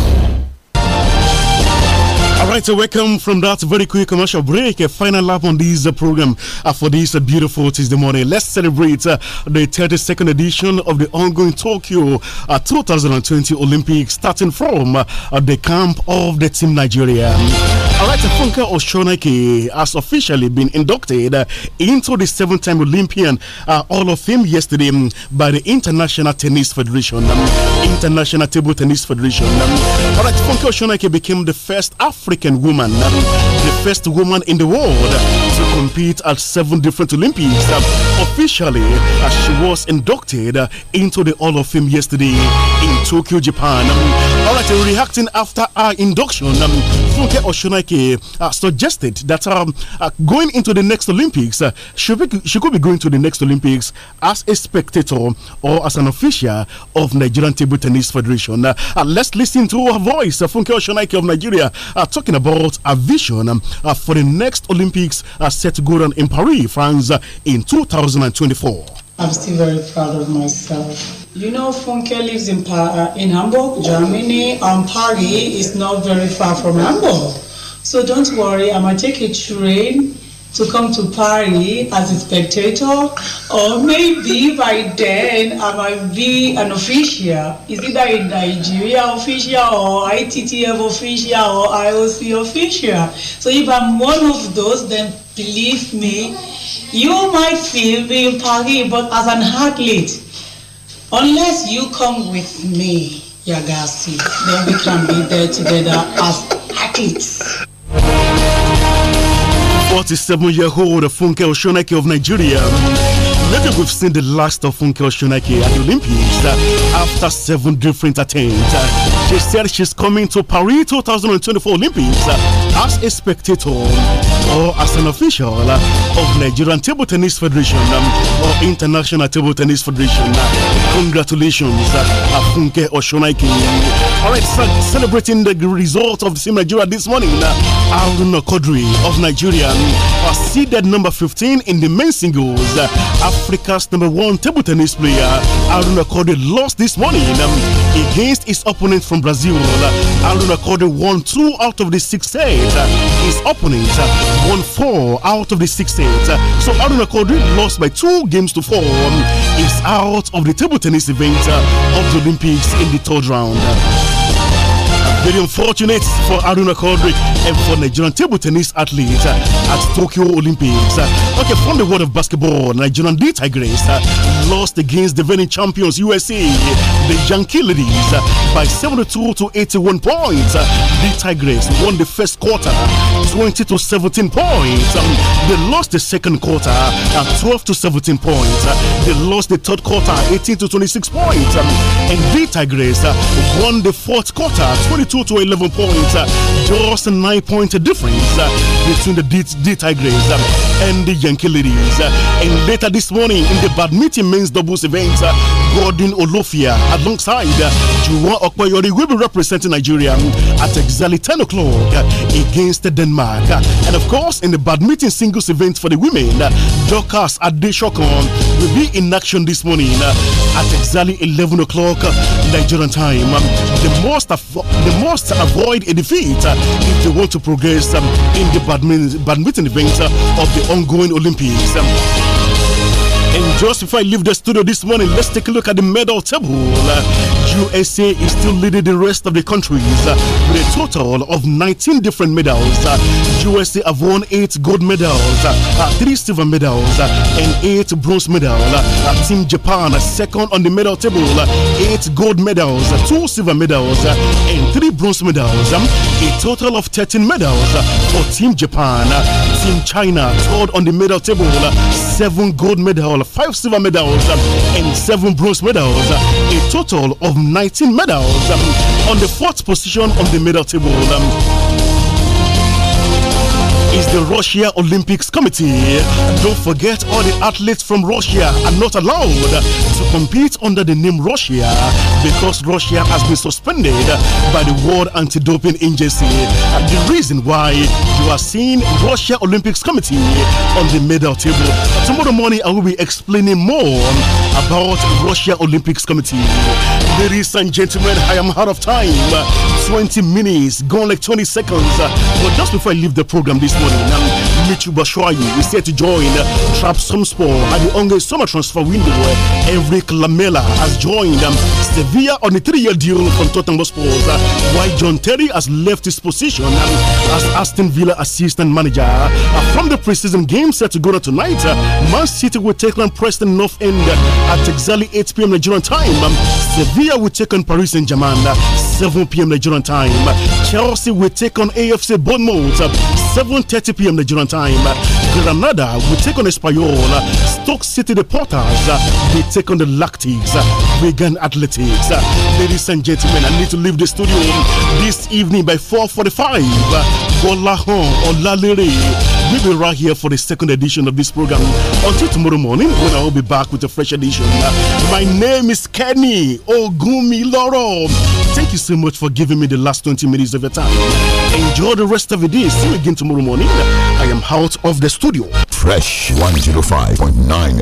right, so welcome from that very quick commercial break. A final lap on this uh, program uh, for this uh, beautiful Tuesday morning. Let's celebrate uh, the 32nd edition of the ongoing Tokyo uh, 2020 Olympics, starting from uh, the camp of the Team Nigeria. All right, Funke Oshoneke has officially been inducted into the seventh time Olympian Hall of Fame yesterday um, by the International Tennis Federation, um, International Table Tennis Federation. Um, all right, Funke Oshoneke became the first African. African woman, the first woman in the world to compete at seven different Olympics. Officially, as she was inducted into the Hall of Fame yesterday in Tokyo, Japan. All right, reacting after her induction, um, Funke Oshunaike uh, suggested that um, uh, going into the next Olympics, uh, she, be, she could be going to the next Olympics as a spectator or as an official of Nigerian Table Tennis Federation. Uh, let's listen to her voice, uh, Funke Oshunaike of Nigeria, uh, talking talking about a vision um, uh, for the next Olympics uh, set to go on in Paris, France, uh, in 2024. I'm still very proud of myself. You know, Funke lives in pa uh, in Hamburg, Germany, and Paris is not very far from Hamburg. So don't worry, I'm gonna take a train to come to Paris as a spectator, or maybe by then I might be an official. Is either a Nigeria official or ITTF official or IOC official. So if I'm one of those, then believe me, you might still be in Paris, but as an athlete, unless you come with me, Yagasi, then we can be there together as athletes. 47-year-old Funke Oshoneke of Nigeria. I we've seen the last of Funke Oshoneke at the Olympics uh, after seven different attempts. she said she's coming to Paris 2024 Olympics uh, as a spectator or as an official uh, of Nigerian Table Tennis Federation um, or International Table Tennis Federation. Uh, congratulations, uh, Afunke Funke Oshonaiki. All right, so celebrating the result of the same Nigeria this morning. Aruna Arun Kodri of Nigeria uh, seeded number 15 in the men's singles. Africa's number one table tennis player, Aruna Kodri, lost this morning um, against his opponent from Brazil. Uh, Arun Kodri won two out of the six sets. his opponent won four out of the six sets. Uh, so Aruna Kodri lost by two games to four. Um, is out of the table tennis event uh, of the Olympics in the third round uh, very unfortunate for Aruna Kodri and for Nigerian table tennis athletes at Tokyo Olympics. Okay, from the world of basketball, Nigerian D tigers lost against the defending champions USA, the Yankee ladies, uh, by 72 to 81 points. Uh, the Tigers won the first quarter 20 to 17 points. Um, they lost the second quarter at 12 to 17 points. Uh, they lost the third quarter 18 to 26 points. Um, and the Tigress won the fourth quarter 22 to 11 points. Just a nine point difference between the D, um, and the Yankee ladies. And later this morning in the badminton men's doubles event, Gordon Olofia, alongside Juwan Okpayori, will be representing Nigeria at exactly 10 o'clock against Denmark. And of course, in the badminton singles event for the women, Dorcas Adeshokon will be in action this morning at exactly 11 o'clock Nigerian time. The most the most avoid a defeat if they want to progress in the badminton event of the ongoing Olympics. And just before I leave the studio this morning, let's take a look at the medal table. USA is still leading the rest of the countries uh, with a total of 19 different medals. USA uh, have won 8 gold medals, uh, 3 silver medals, and 8 bronze medals. Team Japan second on the medal table, 8 gold medals, 2 silver medals, and 3 bronze medals. Um, a total of 13 medals for Team Japan. Team China third on the medal table, 7 gold medals, 5 silver medals, um, and 7 bronze medals. A total of 19 medals, um, on the fourth position on the medal table. Um, is the Russia Olympics Committee. Don't forget, all the athletes from Russia are not allowed to compete under the name Russia because Russia has been suspended by the World Anti Doping Agency. the reason why you are seeing Russia Olympics Committee on the medal table. Tomorrow morning, I will be explaining more about Russia Olympics Committee. Ladies and gentlemen, I am out of time. 20 minutes, gone like 20 seconds. But just before I leave the program this you ngâm Michu Bashuayi we set to join uh, Trap Somspor at the ongoing summer transfer window. Enric eh, Lamela has joined um, Sevilla on a three-year deal from Tottenham Hotspur. Uh, while John Terry has left his position um, as Aston Villa assistant manager. Uh, from the preseason game set to go on tonight, uh, Man City will take on Preston North End uh, at exactly 8 p.m. Nigerian time. Um, Sevilla will take on Paris Saint-Germain uh, 7 p.m. Nigerian time. Chelsea will take on AFC Bournemouth at 7:30 p.m. Nigerian time time. Granada will take on Espanyol. Stoke City Deporters, they take on the Lactics. Wigan Athletics. Ladies and gentlemen, I need to leave the studio this evening by 4.45. Golahon Olalere. We'll be right here for the second edition of this program until tomorrow morning when I will be back with a fresh edition. My name is Kenny Ogumiloro. Thank you so much for giving me the last 20 minutes of your time enjoy the rest of the day. See you again tomorrow morning. I am out of the studio. Fresh 105.9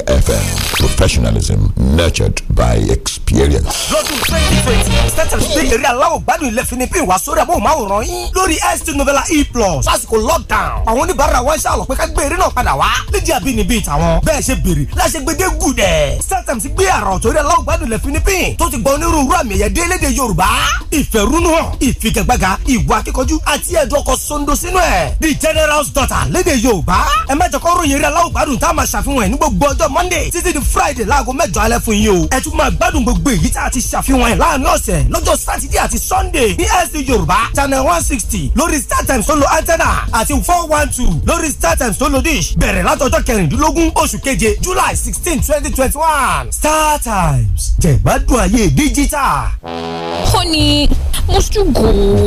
FM. Professionalism nurtured by experience. Lọ́dún twenty twenty, Stẹ́tẹ̀lì gbé eré aláwọ̀gbádùn ilẹ̀ Philippines wá sórí amóhùnmáwòrán yín lórí ST Novella E plus lásìkò lockdown. Àwọn oníbàárà wa ń ṣàlọ̀ pé ká gbé eré náà padà wá. Nídìí àbínibí ìtàwọn. Bẹ́ẹ̀ ṣe bèrè láṣẹ gbẹdẹ gùdẹ̀. Stẹ́tẹ̀lì ti gbé àrà ọ̀tọ̀ eré aláwọ̀gbádùn ilẹ̀ Philippines tó ti gba onírúurú àmì ẹ̀yẹ dé léde Yorùbá. Ìfẹ̀rúnúhàn, ìfigagbága, ìwà akíkanjú àti The general's daughter léde Yorùbá. Ẹ má fún yẹrẹ aláwọ̀ gbádùn tá a máa ṣàfihàn ẹ̀ ní gbogbo ọjọ́ monday títí di friday láago mẹ́jọ alẹ́ fún yín o ẹ tún máa gbádùn gbogbo èyí tá a ti ṣàfihàn ẹ̀ láàrin ọ̀sẹ̀ lọ́jọ́ sátidé àti sunday ní ST yorùbá channel one sixty lórí startimes tó lo antenna àti four one two lórí startimes tó lo dish bẹ̀rẹ̀ látọjọ́ kẹrìndínlógún oṣù keje july sixteen twenty twenty one startimes jẹ̀gbádùn ayé digital. honey must you go.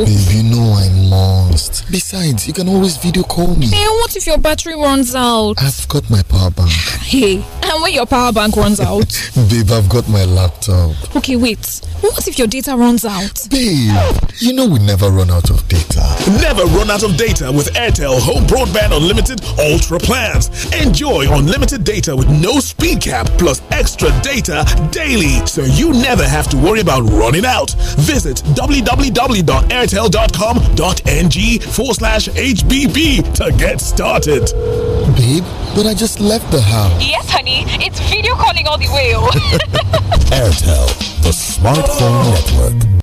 babe you know i must besides you can always video call me. ẹ wọ́n ti fi your battery runs out. out? I've got my power bank. Hey, and when your power bank runs out? Babe, I've got my laptop. Okay, wait. What if your data runs out? Babe, you know we never run out of data. Never run out of data with Airtel Home Broadband Unlimited Ultra plans. Enjoy unlimited data with no speed cap plus extra data daily so you never have to worry about running out. Visit www.airtel.com.ng forward slash HBB to get started. Babe, but I just left the house. Yes, honey. It's video calling all the way. Oh. Airtel, the smartphone network.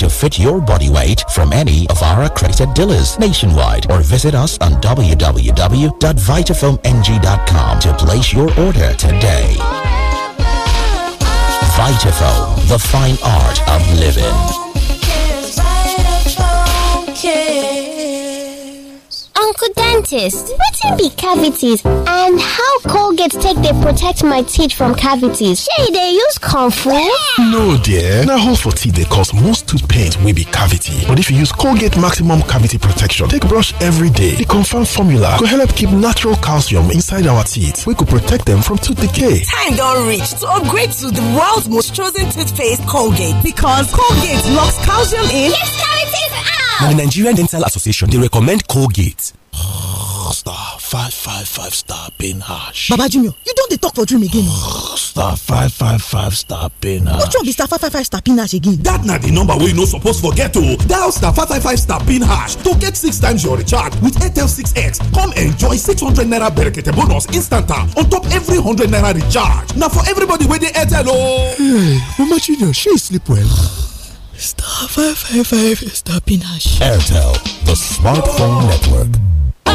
to fit your body weight from any of our accredited dealers nationwide or visit us on www.vitafilmng.com to place your order today. Vitafilm, the fine art of living. to dentist can be cavities and how colgate take they protect my teeth from cavities shey they use comfort? no dear Now, hold for teeth they cause most tooth pain will be cavity but if you use colgate maximum cavity protection take brush every day the confam formula go help keep natural calcium inside our teeth We could protect them from tooth decay time don't reach to upgrade to the world's most chosen toothpaste colgate because colgate locks calcium in yes cavities out! Now, the nigerian dental association they recommend colgate star five five five star pin hash baba jr you don't talk for dream again star five five five star pin hash What you be star five five five star pin hash again That na the number we no supposed forget o oh. dial star five five five star pin hash to get six times your recharge with airtel 6x come enjoy six hundred naira berekete bonus instant ah, on top every hundred naira recharge Now for everybody with the airtel oh. hey mama junior she sleep well. star five five five star pin hash airtel the smartphone network.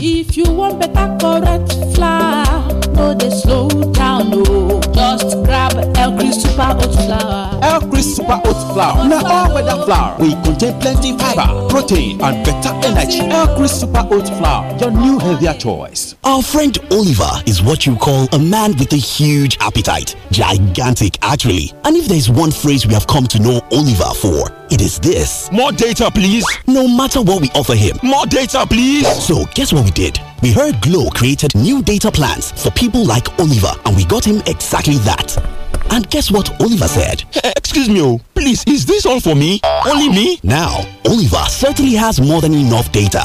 If you want better correct fly, no they slow down, no just grab El Super Oat Flour. El Cris Super Oat Flour Now, all weather flour We contain plenty fiber, protein and better energy. El Cris Super Oat Flour, your new healthier choice. Our friend Oliver is what you call a man with a huge appetite. Gigantic, actually. And if there's one phrase we have come to know Oliver for, it is this. More data, please. No matter what we offer him. More data, please. So, guess what we did? We heard Glow created new data plans for people like Oliver, and we got him exactly that. And guess what Oliver said? Eh, excuse me, oh, please, is this all for me? Only me? Now, Oliver certainly has more than enough data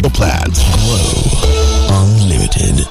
mega plans. Grow Unlimited.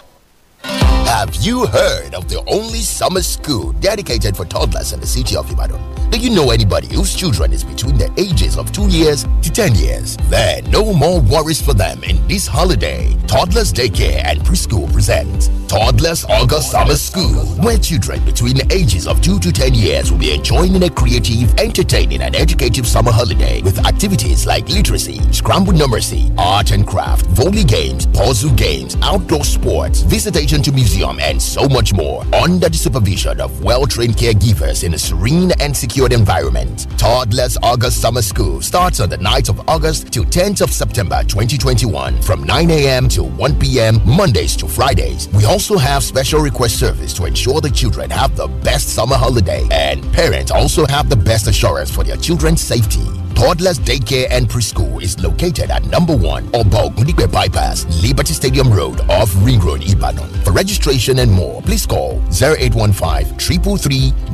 Have you heard of the only summer school dedicated for toddlers in the city of Ibadan? Do you know anybody whose children is between the ages of 2 years to 10 years? There are no more worries for them in this holiday. Toddlers Daycare and Preschool presents Toddlers August Summer School, where children between the ages of 2 to 10 years will be enjoying a creative, entertaining, and educative summer holiday with activities like literacy, scrambled numeracy, art and craft, volley games, puzzle games, outdoor sports, visitation to museums and so much more under the supervision of well trained caregivers in a serene and secured environment. Toddlers August Summer School starts on the night of August till 10th of September 2021 from 9 a.m. to 1 p.m. Mondays to Fridays. We also have special request service to ensure the children have the best summer holiday and parents also have the best assurance for their children's safety. Toddlers Daycare and Preschool is located at number 1 Obog Mudigbe Bypass, Liberty Stadium Road off Ring Road, Ibadan. For registration and more, please call 0815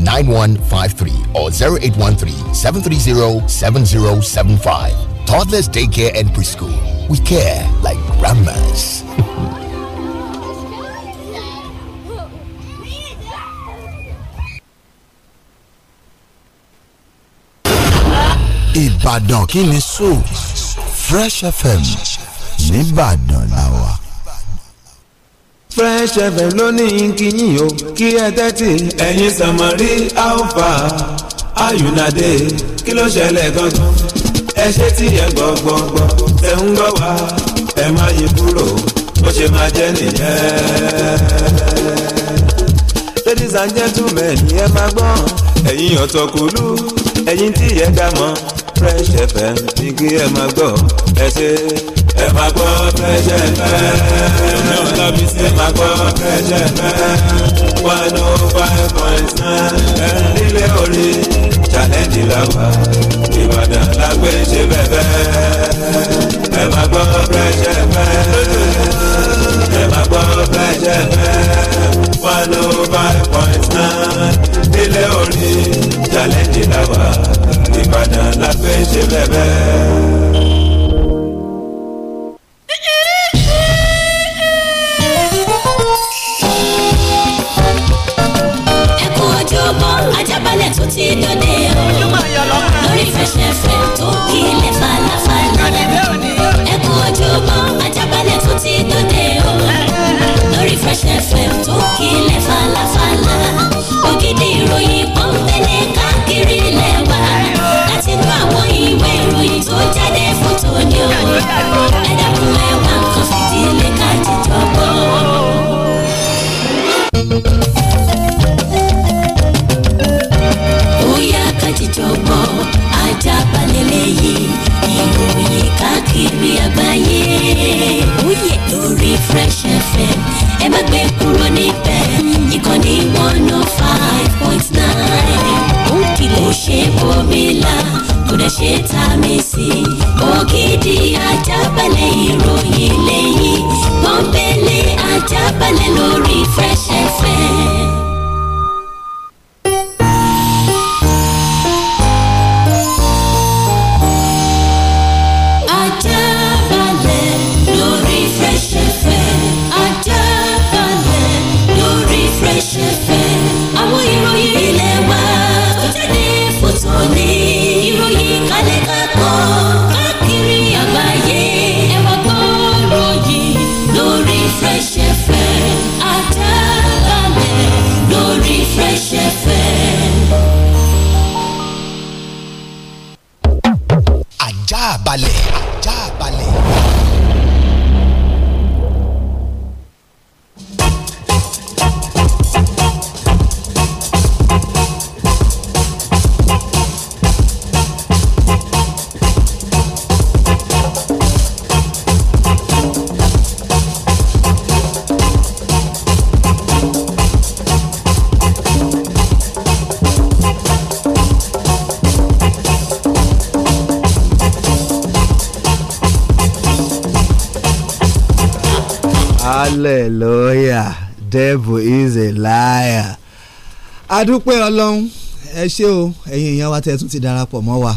9153 or 0813 730 7075. Toddlers Daycare and Preschool. We care like grandmas. Ìbàdàn kí ni so Fresh FM nìbàdàn la wà. Fresh FM ló ní kíyìn o kí ẹ tẹ́tì. ẹ̀yin sàmọ́rí alpha ayùnádé kí ló ṣẹlẹ̀ gangan. ẹ ṣe tí ẹ gbọ́ gbọ́ gbọ́ ẹ ń gbọ́ wá ẹ má yí kúrò bó ṣe máa jẹ́ nìyẹn. ladies and gentlemen ẹ máa gbọ́n ẹ̀yin ọ̀tọ̀kùlú ẹ̀yin tí ẹ̀ dá mọ́ Fresh FM ní kí ẹ máa gbọ́ ẹ ṣe ẹ máa gbọ́ Fresh FM ẹ máa gbọ́ Fresh FM one oh five point nine nílé orí challenge làwà Ìbàdàn la gbé ṣe bẹ́ẹ̀ bẹ́ẹ̀ ẹ máa gbọ́ Fresh FM. adúpẹ́ ọlọ́run ẹ ṣé o ẹ̀yin èèyàn wa tẹ̀ tún ti darapọ̀ mọ́ wa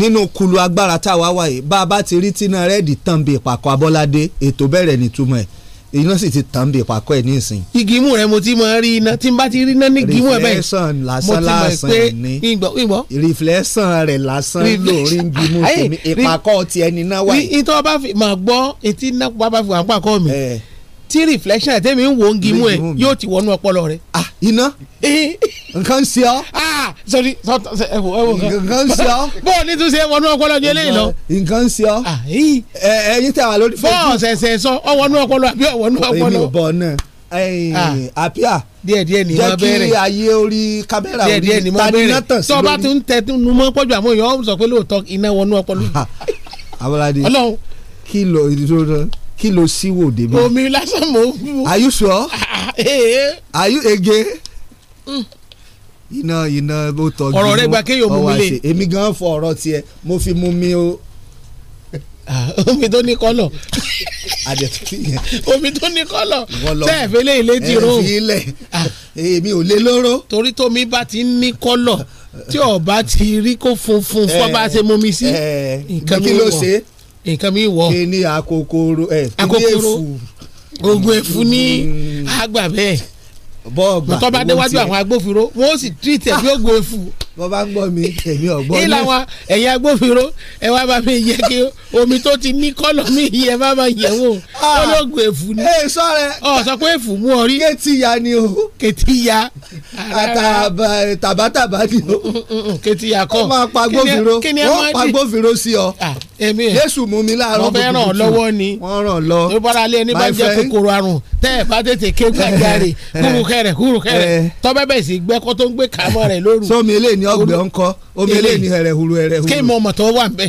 nínú kulu agbára táwa wà yìí bá a bá ti rí tina rẹ́ẹ̀dì tán bí ìpàkọ́ abọ́ládé ètò bẹ̀rẹ̀ nítumọ̀ ẹ̀ iná sì ti tàn bí ìpàkọ́ ẹ̀ nísìn. igimu rẹ mo ti mọ rí iná tí n bá ti rí iná ní igimu ẹ bẹ́ẹ̀ reflection lásán lásán ni reflection rẹ lásán lórí igimu tèmi ìpàkọ́ tiẹ̀ níná wà. ìtọ́ bá fi máa gbọ́ etí náà bá fi wà ń pàkọ́ mi tí reflection ẹ̀ tẹ́mi ń wo ngi mú ẹ yóò ti wọnú ọpọlọ rẹ. ah iná nǹkan ṣe ọ. ah sorry ẹ wo ẹ wo nǹkan ṣe ọ. bó o ní tún ṣe wọnú ọpọlọ ju eléyìí lọ. nǹkan ṣe ọ. ẹ ẹyin tẹ wà lórí. bọ́ọ̀ sẹ̀sẹ̀ sọ ọ wọnú ọpọlọ àbí ọ wọnú ọpọlọ. èmi ò bọ̀ náà àpíà díẹ̀díẹ̀ ni wọ́n bẹ̀rẹ̀ jẹ́ kí ayé orí kámẹ́rà orí tanina tàn sí lórí. tọ́ba tún tẹ nu mọ́ pọ̀jù àmọ́ èèyàn sọ pé lóòótọ́ iná wọnú ọpọlọ. Ọlọ́run kí lọ kí ló sí wò débi. omi lásán mò ń mu. are you sure? are you ege? Mm. iná iná ó tọ́jú ọ̀rọ̀ rẹ gba kéèyàn mú mi lè. èmi gan fọ ọ̀rọ̀ tiẹ̀ mo fi mú mi o. omi tó ní kọ́lọ̀. omi tó ní kọ́lọ̀ tẹ́ẹ̀fẹ́ lè lé ti rò. ẹ̀fín ilẹ̀ èmi ò lé lóró. torí tómi bá ti ní kọ́lọ̀ tí ọba ti rí kó funfun fún ọba ṣe mú mi sí. nǹkan mi wọ̀ kí nǹkan mi wọ. kí ni àkókòrò ẹ kí ni èfù. oògùn èfù ní àgbà hmm. bẹ́ẹ̀ bọ́ọ̀gbà tó bá déwájú àwọn agbófinró wọ́n sì tírìtì ẹ̀ bí oògùn èfù bọ́ bá ń gbọ́ mi èmi ọ̀gbọ́n ní. ilà wa ẹ̀yin agbófinró ẹ wá bá mi yẹ kí omi tó ti ní kọ́lọ̀ mi yẹ bá ma yẹ wò ó lóògùn ni. ee sọ́rẹ́ ọ sọ pé èfù mú ọ rí. kẹ́tì ni o. kẹ́tì ya. ni o. kẹ́tì mm, mm, mm, ya kọ́. máa pa gbófinró ó pa gbófinró sí ọ. Ah, Jésù mú mi láàárọ̀ gbogbo jù. wọ́n fẹ́ ràn ọ́ ni. wọ́n ràn lọ. ó bára lé ẹni bá jẹ́ kòkòrò àrùn tẹ́ ẹ̀ bá tètè ké gbàgbà rè kúrúkẹ́rẹ̀ kúrúkẹ́rẹ̀ eh. tọ́ sì gbẹ́kọ́ tó ń gbé kàmọ́ rẹ̀ lóru. sọ́mi eléyìí ọgbẹ ọkọ omi eléyìí ni ẹrẹhuru ẹrẹhuru. kéèmù ọmọ tó wà nbẹ.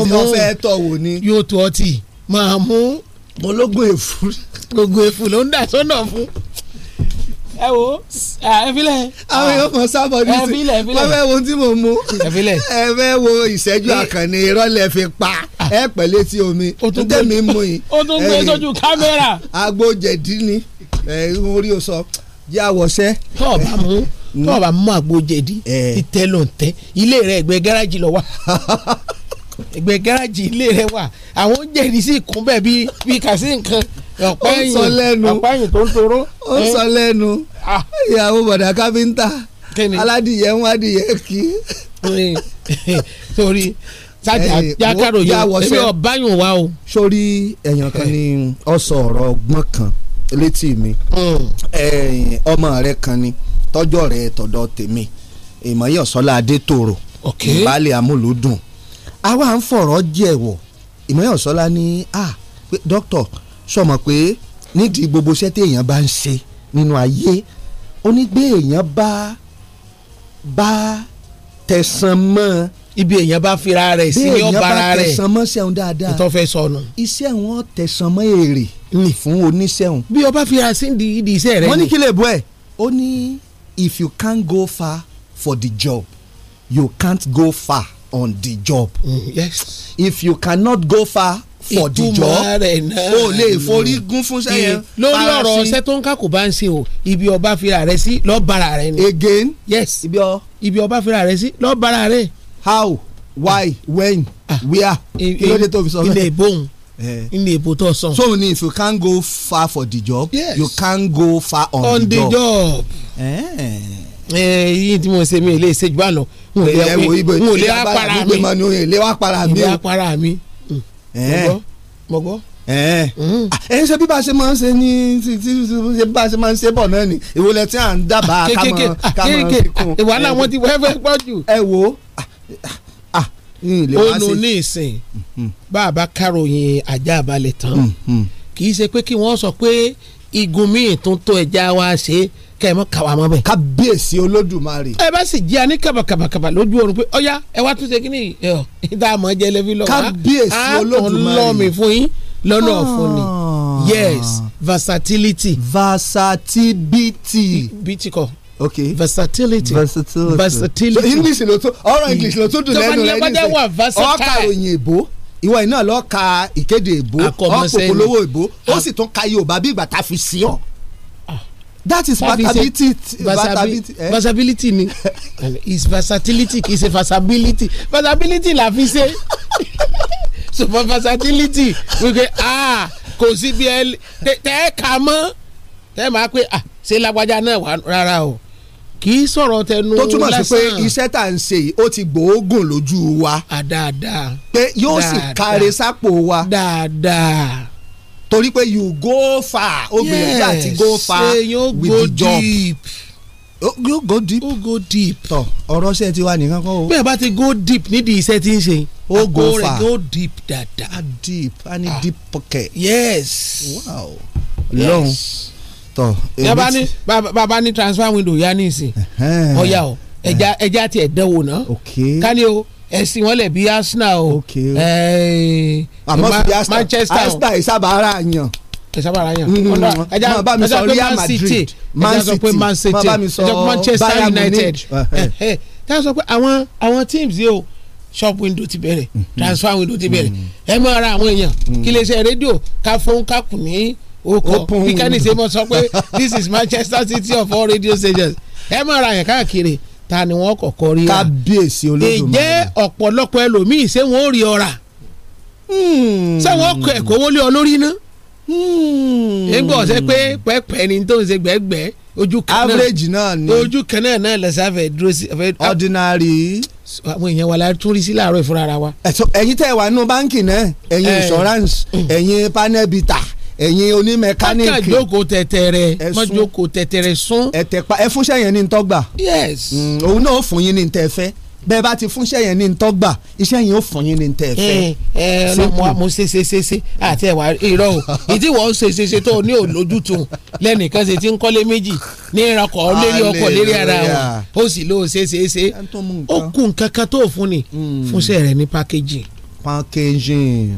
ọmọ fẹ́ tọ̀ wò ni. yóò tó ọtí máa mú. ológun èfú. ológun èfú ló ń dà sọ́nà fún. ẹ wo ẹ filẹ. àwọn yóò mọ sábọ ní ti wọn fẹ́ wo tí mo mú. ẹ filẹ. ẹ fẹ́ wo ìṣẹ́jú àkànní ìrọ́lẹ̀ fi pa ẹ pẹ̀lẹ́ tí omi n tẹ̀mí mú yìí. o tún gbé sójú kámẹ́rà. agbójẹ̀dí ni orí o sọ jẹ́ àwọ̀ṣẹ́. tọ́ọ̀ bá mú tó o bá mú àgbo jẹ̀dí títẹ́ ló ń tẹ́ ilé rẹ̀ ẹgbẹ́ gáràjì lọ wà ẹgbẹ́ gáràjì ilé rẹ̀ wà àwọn jẹ̀dí sì kún bẹ́ẹ̀ bí bí kà sí nǹkan ọ̀pẹ́yìn ọ̀pẹ́yìn tó ń toró. ó sọ lẹ́nu ìyàwó bọ̀dà káfíńtà aládìyẹ ń wádìyẹ kí. torí sájà jákàrò yóò ebi ọ̀báyùn wa o. sórí ẹ̀yàn kan ni ó sọ ọ̀rọ̀ ọgbọ́n kan létí mi hmm. ọmọ rẹ̀ kan ni. Mm. Eh, tọ́jọ́ rẹ̀ tọ̀dọ̀ tèmi ìmọ̀yẹ́ ọ̀sọ́lá adétòrò ìbálẹ̀ amúlùúdùn àwa à ń fọ̀rọ̀ jẹ̀wọ̀ ìmọ̀yẹ́ ọ̀sọ́lá ní à pé dókítà sọmọ pé nídìí gbogbo iṣẹ́ téèyàn bá ń ṣe nínú ayé onígbé èèyàn bá bá tẹ̀sán mọ́ ibi èèyàn bá fira rẹ̀ sí ní ọba ara rẹ̀ bí èèyàn bá tẹ̀sán mọ́ sẹ́hun dáadáa ìtọ́ fẹ́ sọnù. iṣẹ́ wọn tẹ̀sán mọ́ èrè fún oníṣẹ́hun. bí ọba fira sí ìdí iṣẹ́ rẹ̀ ni. wọ́n ní kí lè bọ́ ẹ̀ ó ní if you can't go far for the job you can't go far on the job. Mm, yes. if you cannot go far for the job o lè forígun fún sẹ́yìn. lórí ọ̀rọ̀ ọ̀sẹ̀ tó ń ká kò bá ń ṣe o ibi ọba fira rẹ sí lọ́ọ́ bara rẹ ni. again. yes ibi ọ. ibi ọba fira rẹ sí lọ́ọ́ bara rẹ. how why when ah. where kí ló dé tó sọ bẹ́ẹ̀. ilé ìbòhùn Eh. in the èpò tó so if you can go far for the job yes. you can go far on, on the, the job. Eh. Eh, yìí tí mo ṣe mi ò lè ṣe jù bá lọ n ò lè wá para mi n lè wá para mi mm. o. lè wá para mi. mọ̀gbọ́ mọ̀gbọ́ mm. ah, ẹ ṣe bí bá ṣe máa ń ṣe ní tí tí ṣe bí bá ṣe máa ń ṣe bọ̀ náà ni ìwọlẹ̀ tí à ń dábàá ká mọ̀ ká mọ̀ fi kún. ìwà làwọn ti wẹ́ẹ́ fẹ́ pọ̀ ẹ wo ah, ó nu ní ìsìn mm-hmm. bá a bá káròyìn ajá balẹ̀ tán mm-hmm. kì í ṣe pé kí wọ́n sọ pé igun míì tó ń tó ẹja wa ṣe é kẹmọ kàwá mọ bẹ́ẹ̀. kábíyèsí olódùmarè. ẹ bá sì jí a ní kàbàkàbàkàbà lójú oorun pé ọyá ẹ wá tún ṣe kí ni ìta àmọ́ jẹ lẹ́bí lọ́wọ́. kábíyèsí olódùmarè. a lọ mi fún yín lọ́nà ah. ọ̀fun ni yes versatility. versatility. biti kọ okay versatility versatility versatility so english ló tó ọ̀rọ̀ english ló tó dùn lẹ́nu rẹ nísìnyí ọkàròyìn èbó ìwọ iná lọ ka ìkéde èbó ọpọpọlọwọ èbó ó ah. sì tún ka yorùbá bí ìgbà tá a fi sí ọ ah. that is versatility versatility eh? versatility ni is versatility kì í ṣe versatility versatility la fi ṣe for versatility wípé ah kò sí bí ẹ tẹ́ ẹ kà mọ́ tẹ́ ẹ máa pé ah ṣé lágbájá náà wà rárá o kì í sọ̀rọ̀ tẹnu lásán. tó túmọ̀ sí pé iṣẹ́ tá à ń ṣe yìí ó ti gbòógùn lójú wa. àdáadáa. pé yóò sì kárẹ sápò wa. dáadáa. torí pé you go far obìnrin àti go far with the job. yóò go deep. yóò go deep. tọ ọ̀rọ̀ ṣe ti wá nìkan kọ́ o. bẹ́ẹ̀ bá ti go deep nídìí iṣẹ́ tí ń ṣe. ó go far àgọ́ rẹ̀ go deep dáadáa. a deep a ní ah. deep pocket. yes. wow. lọ́hùn. Yes tọ yaba ni baba ni transfer window ya ni ìsìn ọya o ẹja ẹja tiẹ̀ dẹ́wò náà kálí o ẹ̀sìn wọn lẹ̀ bí Arsenal o àmọ́ bí Manchester Arsenal ìsábàárà yàn ìsábàárà yàn ẹja bá mi sọ Real Madrid Man City Man City ẹja bá Manchester United ẹja sọ pé àwọn àwọn teams yìí o shop window ti bẹ̀rẹ̀ mm-hmm. transfer window ti bẹ̀rẹ̀ mm-hmm. ẹ máa ra àwọn èèyàn mm-hmm. kí lè ṣe rédíò ká fún ká kù ní ó kó pọ́n ṣe mọ̀ sọ pé this is Manchester city of all radio stations ẹ máa ra yẹn káàkiri ta ni wọ́n kọ́kọ́ rí ra kábíyèsí olódùmarè ǹjẹ́ ọ̀pọ̀lọpọ̀ ẹlòmíì ṣé wọ́n ó rí ọ̀rà hmm. ṣé wọ́n kọ ẹ̀kọ́ wọlé ọ lórí ná nígbà hmm. ọ̀sẹ̀ pé pẹ́pẹ́ ni tó ń ṣe gbẹ́gbẹ́ ojú kan náà average náà ni ojú kan náà náà lẹ́sẹ̀ fẹ́ dúró sí. ordinary. àwọn èèyàn wa la tún rí sí láàárọ̀ ìfúnra ara wa. ẹ̀yin tẹ́ ẹ wà nínú báńkì náà ẹ̀yin insurance mm. ẹ̀yin panel bita ẹ̀yin onímẹkáníìkì kákà jókòó tẹ̀tẹ̀rẹ̀ mọ́ jókòó tẹ̀tẹ̀rẹ̀ sún. ẹ̀tẹ̀pa ẹ fúnṣẹ́ yẹn ní ntọ́gbà. yes. Mm, òun náà fún yín ní ntẹ́fẹ́ bẹ́ẹ̀ bá ti fúnṣẹ́ yẹn ní ntọ́gbà iṣẹ́ yẹn ó fún yín ní ntẹ́fẹ́. ẹ ẹ eh, eh, ọlọmọ mo ṣe ṣe ṣe ṣe àti ẹwà irọ́ o ìdí wọ́n ṣe ṣe ṣe tó ní òlójútùn lẹ́nìkan ṣe ti ń kọ́lé méjì ní ìrakọ̀ lérí ọkọ̀ lérí ara wọn ó sì lóò ṣe ṣe ṣe ó kù nǹkan tó fún ni hmm. fúnṣẹ́ rẹ̀ ní packaging. packaging.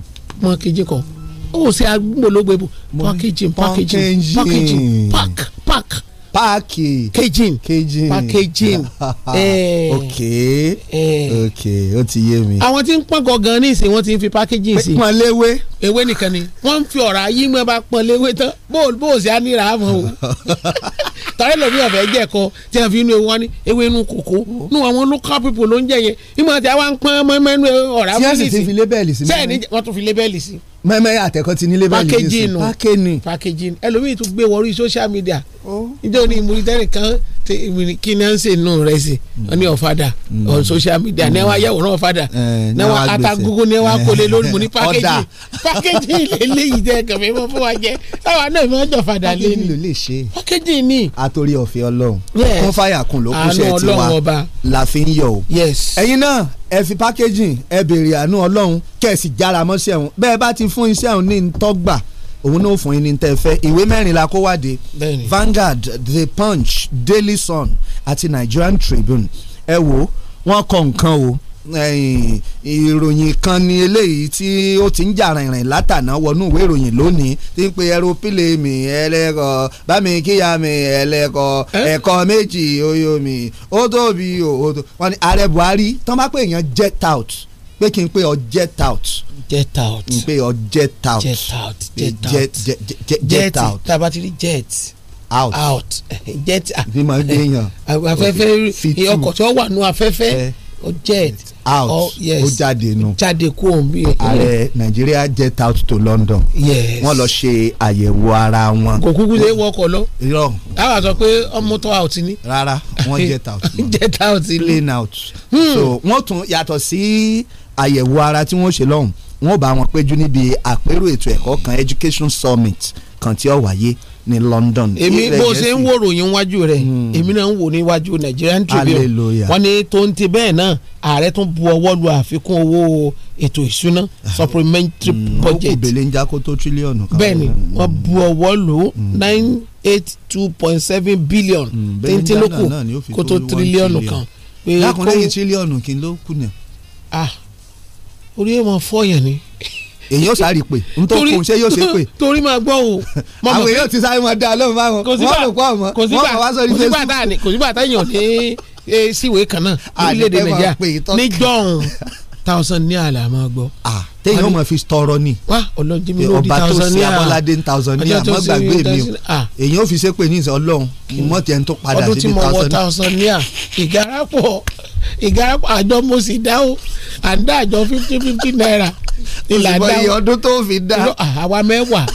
packaging kọ́ ó ṣe agbóhùnmọ̀lógbè bò packaging packaging packaging pack pack. páàkì kejìn kejìn packaging. Eh. ok eh. ok ó ti yé mi. àwọn tí ń pọ́n gangan ní ìsìn wọ́n ti ń fi packaging sí. pọ́n léwé. ewé nìkan ni wọ́n ń fi ọ̀rá yí mọ́ bá pọ́n léwé tán bó o ṣe á àmọ́ o tọ́lẹ̀ lómi ọ̀fẹ́ jẹ́ ẹ̀kọ́ tí a fi inú ewu wọn ní ewé inú kòkó inú àwọn local people ló ń jẹ yẹn ìmọ̀ àti àwọn pọ́n mọ́ mẹ́nu ọ̀rá mọ́lì sí. tí a sì ti fi lébẹ́ẹ̀lì sí. bẹ́ẹ̀ ni wọ́n tún fi lébẹ́ẹ̀lì sí mẹ́mẹ́ àtẹ̀kọ́ ti nílé bẹ́ẹ̀ ní sùn pákéjì pákéjì ẹlòmíì tún gbé wọrí social media oh. níjọ́ ni ìmúlítẹ́rì kan kí ni à ń sè nù rẹ̀ sí wọ́n ní ọ̀fadà mm. on social media ní wàá mm. yẹ̀wòrán ọ̀fadà eh, ní wàá atagogo ní wàá eh, kólé lórí mu ní pákéjì pákéjì lélẹ́yìí jẹ́ kàmí mọ́ fún wa jẹ́ táwa náà máa ń jọ̀fadà lé ní pákéjì ni. àtòrí ọ̀fẹ́ ọlọ́run kún fàyà kún ló kún sẹ́ẹ̀ tiwa la fi ń yọ̀ o ẹ̀yin náà ẹ fi packaging ẹ béèrè àánú ọlọ́run kẹ̀sì jára mọ́ṣẹ́ òun bẹ́ẹ̀ bá ti fún iṣẹ́ òun ní ntọ́gbà òun náà fún yín ní tẹ́ ìwé mẹ́rin la kó wáde Vanguard The Punch Daily Sun àti Nigerian Tribune ẹ wò wọ́n kọ nǹkan o ìròyìn kan ni eléyìí tí ó ti ń jà rìnrìn látàná wọnú ìwé ìròyìn lónìí tí ń pe ẹropílẹ̀ mi ẹlẹ́kọ̀ bámi kíyà mi ẹlẹ́kọ̀ ẹ̀kọ́ méjì oyo mi ó tóbi o wọ́n ní ààrẹ Buhari tán bá pè èèyàn jet out pé kí n pé ọ jet out jet out n pé ọ jet out jet out jet out jet out tàbá ti rí jet out out jet out bí màá gbé yàn afẹ́fẹ́ ọkọ̀ tí wọ́n wà nù afẹ́fẹ́ ó jet out ó yes. jáde nu jáde kú òun bí. ààrẹ nàìjíríà jet out to london. yes wọ́n lọ ṣe àyẹ̀wò ara wọn. kò kúkú lè wọkọ̀ lọ. irọ́ àwọn sọ pé ọmọ tó out ni. rárá wọ́n jet out. jet out ni clean out. Hmm. so wọ́n tún yàtọ̀ sí àyẹ̀wò ara tí wọ́n ṣe lọ́hùn wọ́n bá wọn péjú níbi àpérò ètò ẹ̀kọ́ kan education summit kan tí ó wáyé ní London. èmi bó ṣe ń wò ròyìn wájú rẹ̀ hmm. èmi náà ń wò níwájú Nigerian Tribune wọ́n ní tó ń ti bẹ́ẹ̀ náà ààrẹ tún bu ọwọ́ lu àfikún owó ètò ìṣúná ah. supplementary hmm. budget. ó kò bèlè ń já kó tó tírílíọ̀nù kan. bẹ́ẹ̀ni hmm. bu ọwọ́ lu nine eight two point seven billion tíntín ló kù kó tó tírílíọ̀nù kan. lákùnrin yìí tírílíọ̀nù kí ló kù náà. orí ẹ̀ mọ̀ fọ́ọ̀yàn ni èyí ó sáré pé nítorí kò ṣe yóò ṣe pé. torí máa gbọ́ o. àwọn èèyàn ti sáré máa dá lọ́rùn báwọn wọ́n lò kọ́ àmọ́ wọ́n kọ́ wá sórí Facebook. kò sígbà táyàn ní e, síwèé kan náà orílẹ̀-èdè nàìjíríà níjọ́hún thousand ní àlà máa gbọ́. téèyàn máa fi tọrọ ni ọba tó sí abọ́ládé thousand ní àmọ́ gbàgbé mi o èyàn ò fi ṣe pé ní ọlọ́run mọ̀ tiẹ̀ ń tó padà síbi thousand ní à àjọ mo sì dá o à ń dá àjọ fifty fifty naira ìlànà òṣùpọ̀ ọdún tó fi dá. àwa mẹ́wàá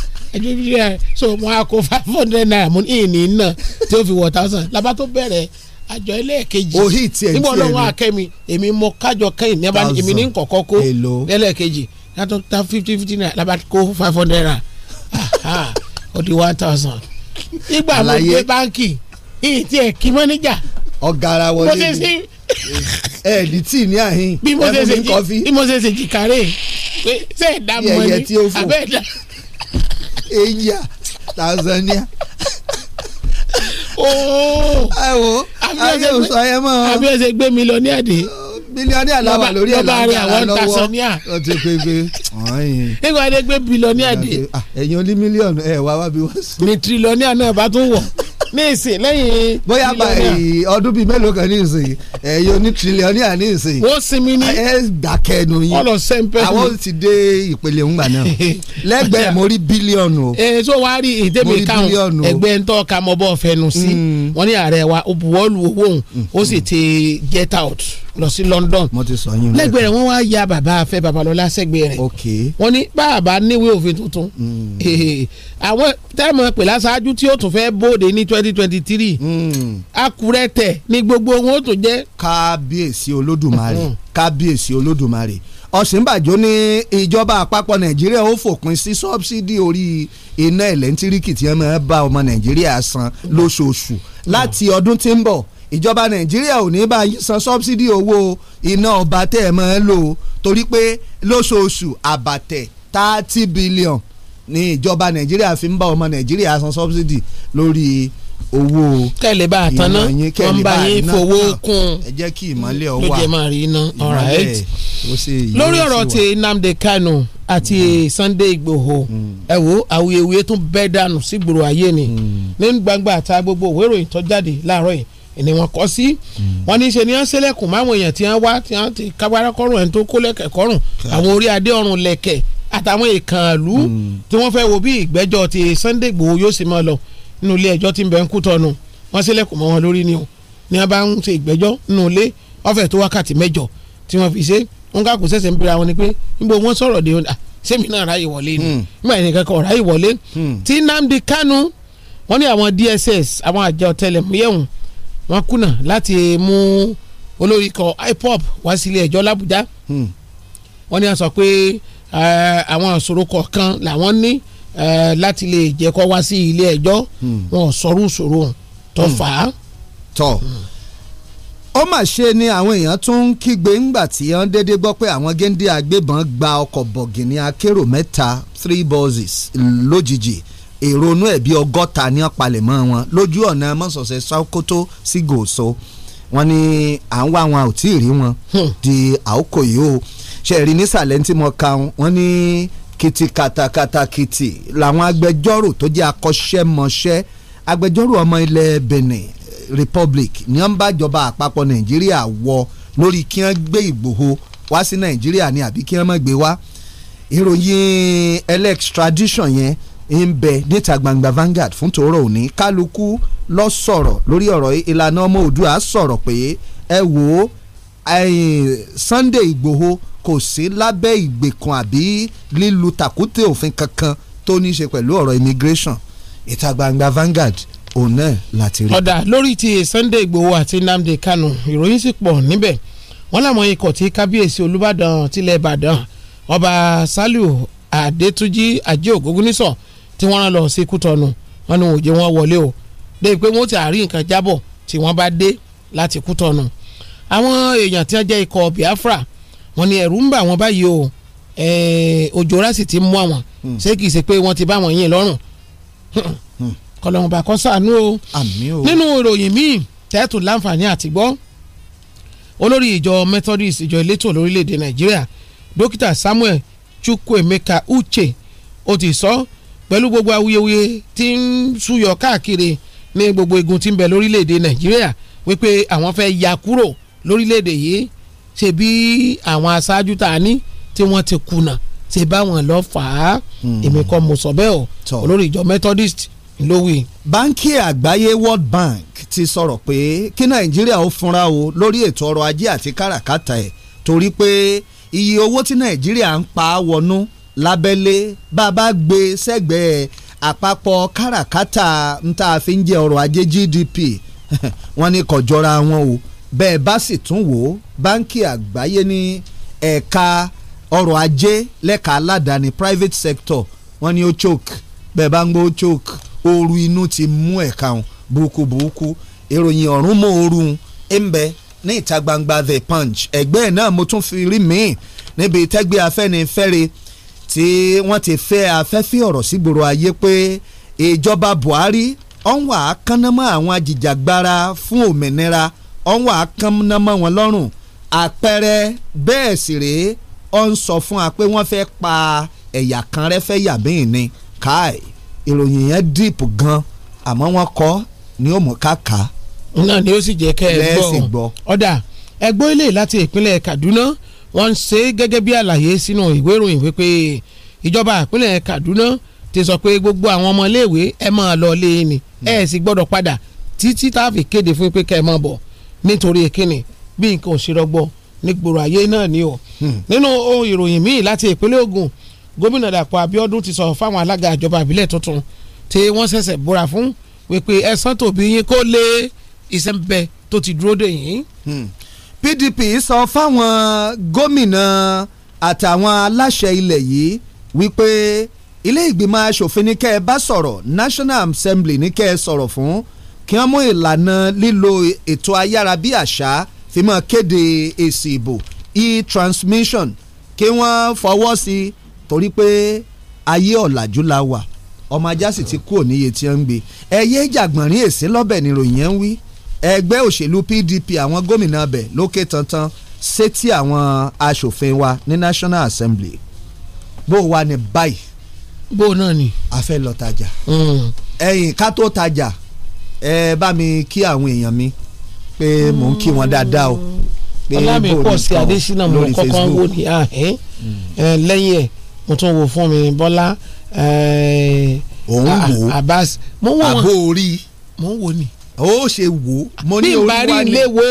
so wọn a kó five hundred naira mú ìní náà tí ó fi wọ̀ thousand labá tó bẹ̀rẹ̀ àjọ ẹlẹ́ẹ̀kejì òhì tiẹ̀ tiẹ̀ níbo lọ́wọ́ akẹ́mi èmi mọ kájọ kẹ́yìn nígbà èmi ní kọ̀kọ́ kó ẹlẹ́ẹ̀kejì yàtọ̀ ta fifty fifty naira labá kó five hundred naira ó di one thousand. nígbà mo gbé báńkì ìyìn tí ẹ̀ kí mọ́níjà. ọ̀gá ara wọlé ni ẹ ní tíì ní àhín bí mo ṣe ṣe kọfí bí mo ṣe ṣe jìkàrè pé ṣe é dá mọ ni abẹ́ dá. eya Tanzania. ooo ayiwo ayéwo sọ ẹ mọ. àbí ẹ ṣe gbé mi lọ ní ẹ̀dín. mílíọ̀nì àláwà lórí ẹ̀ lọ́wọ́ àwọn Tanzania. ó ti pé pé. nígbà wọ́n gbé bílíọ̀nì ẹ̀dín. ẹ̀yin olí mílíọ̀nù ẹ̀ wá wá bí wọ́n sọ. ní tírílíọ̀nì náà bá tún wọ̀ ní ìsìn lẹ́yìn. bóyá bá ọdún bíi mélòó kan ní ìsìn ẹ̀yọ́ ní tírílíọ̀nìà ní ìsìn. wọ́n sinmi ní. ẹ dàkẹ́ ẹnu yín. ọlọ sẹ́ńpẹ́ ni. àwọn ti dé ìpele ńgbà náà. lẹ́gbẹ̀ẹ́ mo bílíọ̀nù o. ẹ so wàá rí ìdébí káwọn ẹgbẹ́ ń tọ́ka mọ́ bọ́ fẹnu sí. Hmm. wọ́n ní ààrẹ wa ó buwọ́lu owó òun ó sì ti get out lọ sí London lẹ́gbẹ̀ẹ́ rẹ̀ wọ́n wá ya bàbá afẹ́ Babalọ́lá sẹ́gbẹ̀ẹ́ rẹ̀ wọ́n ní bàbá níwèé òfin tuntun mm. àwọn tẹ́ẹ̀mọ̀ pè láṣáájú tí ó tún fẹ́ bóde ní twenty twenty three mm. Àkúrẹ́ tẹ̀ ní gbogbo wọn ó tún jẹ́. kábíyèsí Olódùmarè mm-hmm. kábíyèsí Olódùmarè Ọ̀ṣínbàjò ní ìjọba àpapọ̀ Nàìjíríà ó fòpin sí sọ́bsidì orí iná ẹ̀lẹ́ntíríkì tí wọ́n máa bá ọmọ Nàìjíríà san mm-hmm. lóṣooṣù láti ọdún tí ń bọ̀ ìjọba nàìjíríà ò ní bá yín san sọ́bsidì owó iná ọba tẹ́ ẹ̀ máa ń lò torí pé lóṣooṣù àbàtẹ̀ thirty billion ni ìjọba nàìjíríà fi ń bá ọmọ nàìjíríà san sọ́bsidì lórí owó kẹlẹ bá àtàná wọn bá yín fowó ah, kún ẹ jẹ́ kí ìmọ́lẹ̀ ọ wà ló jẹ́ máa rí iná alright lórí ọ̀rọ̀ ti Nnamdi Kanu àti mm. Sunday Igboho mm. ẹ mm. e wo awuyewuye tún bẹ́ dànù sígboro ayé ni mm. ní gbangba àta gbogbo òwe ìròyìn tó jáde láàárọ̀ yìí ni wọ́n kọ́ sí mm. wọ́n ní í ṣe ni wọ́n ṣẹlẹ̀kùn máwọn èèyàn tí wọ́n wá tí wọ́n ti kábàárà kọ́rùn ẹni tó kó lẹ́kẹ̀ kọ́rùn àwọn orí adé ọrùn lẹ̀kẹ̀ àtàwọn ìkànnlú mm. tí wọ́n fẹ́ wo bí ìgbẹ́jọ́ ti Sunday Igboho yóò ṣe máa lọ nínú ilé ẹjọ́ tí ń bẹ ń kú tọ́nu wọ́n ṣẹlẹ̀kùn mọ́ wọn lórí ni o ni wọ́n bá ń ṣe ìgbẹ́jọ́ nínú ilé ọ̀fẹ́ tó wákàtí mẹ́jọ tí wọ́n fi ṣe wọn kà kó sẹ̀sẹ̀ ń bira wọn ni pé níbo wọ́n sọ̀rọ̀ de sẹ́mi ah, ráyè wọlé ni hmm. nígbà hmm. DSS àwọn àjọ tẹlẹmúyẹ̀hún wọ́n kùnà láti mú olórí ikọ̀ IPOB wá sílé ẹjọ́ l'Àbújá hmm. wọ́n ní a sọ pé àwọn ìṣòro kọ̀ọ̀kan làwọn ní láti lè jẹ́ kó wá sí ilé ẹjọ́ hmm. wọn ò sọrú ìṣòro tó hmm. fà á. tọ́ ó mà ṣe ni àwọn èèyàn tún ń kígbe ńgbà tí wọ́n dédé gbọ́ pé àwọn géńdé agbébọn gba ọkọ̀ bọ̀gìnì akérò mẹ́ta three buses lójijì. Mm èrò inú ẹ̀ bíi ọgọ́ta ní ọ̀palẹ̀mọ́ wọn lójú ọ̀nà mọ́sọ̀ọ̀sẹ̀ Sókótó sí Gòso wọn ni à ń wá wọn ò tí ì rí wọn hmm. di àókò yìí o ṣe rí nísàlẹ̀ tí mo ka wọn ní kìtì kàtàkàtà kìtì làwọn agbẹjọ́rò tó jẹ́ akọ́ṣẹ́mọṣẹ́ agbẹjọ́rò ọmọ ilẹ̀ Benin Republic ní wọn bá jọba àpapọ̀ Nàìjíríà wọ lórí kí wọ́n gbé Ìgbòho wá sí Nàìjíríà ni àbí kí wọ́n má gbé wá ìròyìn extradition yẹn ń bẹ níta gbangba Vanguard fún tòórọ́ òní kálukú lọ sọ̀rọ̀ lórí ọ̀rọ̀ ìlànà ọmọ Oòduà sọ̀rọ̀ pé ẹ wò ó Sunday Ìgbòho kò sí lábẹ́ ìgbèkùn àbí lílu tàkúté òfin kankan tó ní í ṣe pẹ̀lú ọ̀rọ̀ immigration ìta gbangba Vanguard òun náà láti rí. ọ̀dà lórí ti Sunday Ìgbòho àti Nnamdi Kanu ìròyìn sì pọ̀ níbẹ̀ wọ́n làwọn ikọ̀ tí kábíyèsí Olúbàdàn tilẹ̀ Ìbàdàn ọba Saliu Adétúnjì Ajé Ògúngúnnísọ̀ so tí wọ́n rán lọ sí kútọ́nù wọn ni òjò wọn wọlé o débi pé wọ́n ti àárín nǹkan jábọ̀ tí wọ́n bá dé láti kútọ́nù àwọn èèyàn tí wọ́n jẹ́ ikọ̀ Biafra wọ́n ní ẹ̀rù ń bà wọ́n báyìí o òjò rásì ti mú àwọn hmm. ṣé kìí ṣe pé wọ́n ti bá wọn yìn lọ́rùn hmm. kọlọ́mùbà kọ́ sànú o nínú ìròyìn míì tẹ́tù láǹfààní àtìgbọ́ olórí ìjọ Methodist ìjọ elétò lórílẹ̀‐èdè Nàìjíríà dókítà Samuel Chukwuemeka Uche ó ti sọ so, pẹ̀lú gbogbo awuyewuye tí ń súyọ káàkiri ní gbogbo igun tí ń bẹ lórílẹ̀‐èdè nàìjíríà wípé àwọn fẹ́ ya kúrò lórílẹ̀‐èdè yìí ṣe bí àwọn aṣáájú tá a ní tí wọ́n ti kùnà ṣe báwọn lọ fà á hmm. èmi kọ́ mo sọ bẹ́ẹ̀ o olórí ìjọ methodist lówì. báńkì àgbáyé world bank ti sọ̀rọ̀ pé kí nàìjíríà ó fúnra o lórí ètò ọrọ̀ ajé àti káràkátà ẹ̀ torí pé iye owó tí nàìjíríà ń pa á wọnú lábẹ́lé bàbá gbé sẹ́gbẹ̀ẹ́ àpapọ̀ káràkátà níta fi ń jẹ ọrọ̀ ajé GDP wọ́n ní kò jọra wọn o bẹ́ẹ̀ bá sì tún wò ó báńkì àgbáyé ní ẹ̀ka ọrọ̀ ajé lẹ́ka aládàáni private sector wọ́n ní ó choke bẹ́ẹ̀ bá ń gbọ́ ó choke ooru inú ti mú ẹ̀ka hàn burúkú burúkú ìròyìn ọ̀run mọ́ ooru ń bẹ ní ìta gbangba the punch ẹ̀gbẹ́ náà mo tún fi rí mi-ín níbi tẹ́gbẹ́ afẹ́nifẹ́re tí wọ́n ti fẹ́ afẹ́fẹ́ ọ̀rọ̀ sígboro ayé pé ìjọba Buhari ọ̀nwà kánámọ́ àwọn ajìjàgbara fún òmìnira ọ̀nwà kánámọ́ wọn lọ́rùn àpẹẹrẹ bẹ́ẹ̀ sì rèé ọ̀ ń sọ fún wa pé wọ́n fẹ́ pa ẹ̀yà kan rẹ́ fẹ́ yà bẹ́ẹ̀ ni káì ìròyìn yẹn dìpù gan àmọ́ wọ́n kọ́ ni ó mú náà ni ó sì jẹ́ kẹ́ ẹ gbọ́ ọ̀dà ẹgbẹ́ ilé láti ìpínlẹ̀ Kaduna wọ́n ń ṣe gẹ́gẹ́ bí àlàyé sínú ìwé ìròyìn wípé ìjọba ìpínlẹ̀ Kaduna ti sọ pé gbogbo àwọn ọmọ iléèwé ẹ máa lọ lé e ní ẹ sì gbọ́dọ̀ padà títí tá a fi kéde fún pé kẹ́ ẹ máa bọ̀ nítorí kíni bí nǹkan ò ṣe rọgbọ nígboro ayé náà ni o. Hmm. nínú ohun ìròyìn míì láti ìpínlẹ̀ Ògùn gómìnà Dàpọ̀ Abíọ́dún ti sọ fáwọn alága ìjọba ìbílẹ̀ tuntun tí wọ́n ṣẹ̀ṣẹ̀ búra fún wípé ẹ̀sán tòbí yín kó lé iṣẹ́ ń tó ti dúró dè yín. Hmm. PDP sọ fáwọn gómìnà àtàwọn aláṣẹ ilẹ̀ yìí wípé ilé ìgbìmọ̀ asòfin ní kẹ́ ẹ bá sọ̀rọ̀ National Assembly ní kẹ́ ẹ sọ̀rọ̀ fún kí wọ́n mú ìlànà lílo ètò ayárabíàṣá fi máa kéde èsì ìbò e-transmission kí wọ́n fọwọ́ sí i torí pé ayé ọ̀làjú la wà ọmọ ajá sì ti kú òníye tí wọ́n ń gbé ẹ̀yẹ́ ìjàgbọ̀nrín èsì lọ́bẹ̀ níròyìn ẹ̀ ń wí ẹgbẹ́ òṣèlú PDP àwọn gómìnà bẹ̀ lókè tantan sétí àwọn aṣòfin wa ní National Assembly bó wa ní báyìí bó náà ni a fẹ́ lọ tajà mm. ẹ̀yìn ká tó tajà ẹ bá mi kí àwọn èèyàn mi pé mò ń kí wọn dáadáa o pé bó ní kàn lórí Facebook ah, lẹ́yìn ẹ̀ mo tún wo fún mi Bọ́lá òun ah, wò Abbas mo wò wọn àbó orí mo wò ni ó ṣe wò mo ní olúwa ni bí n bá rí ilé wo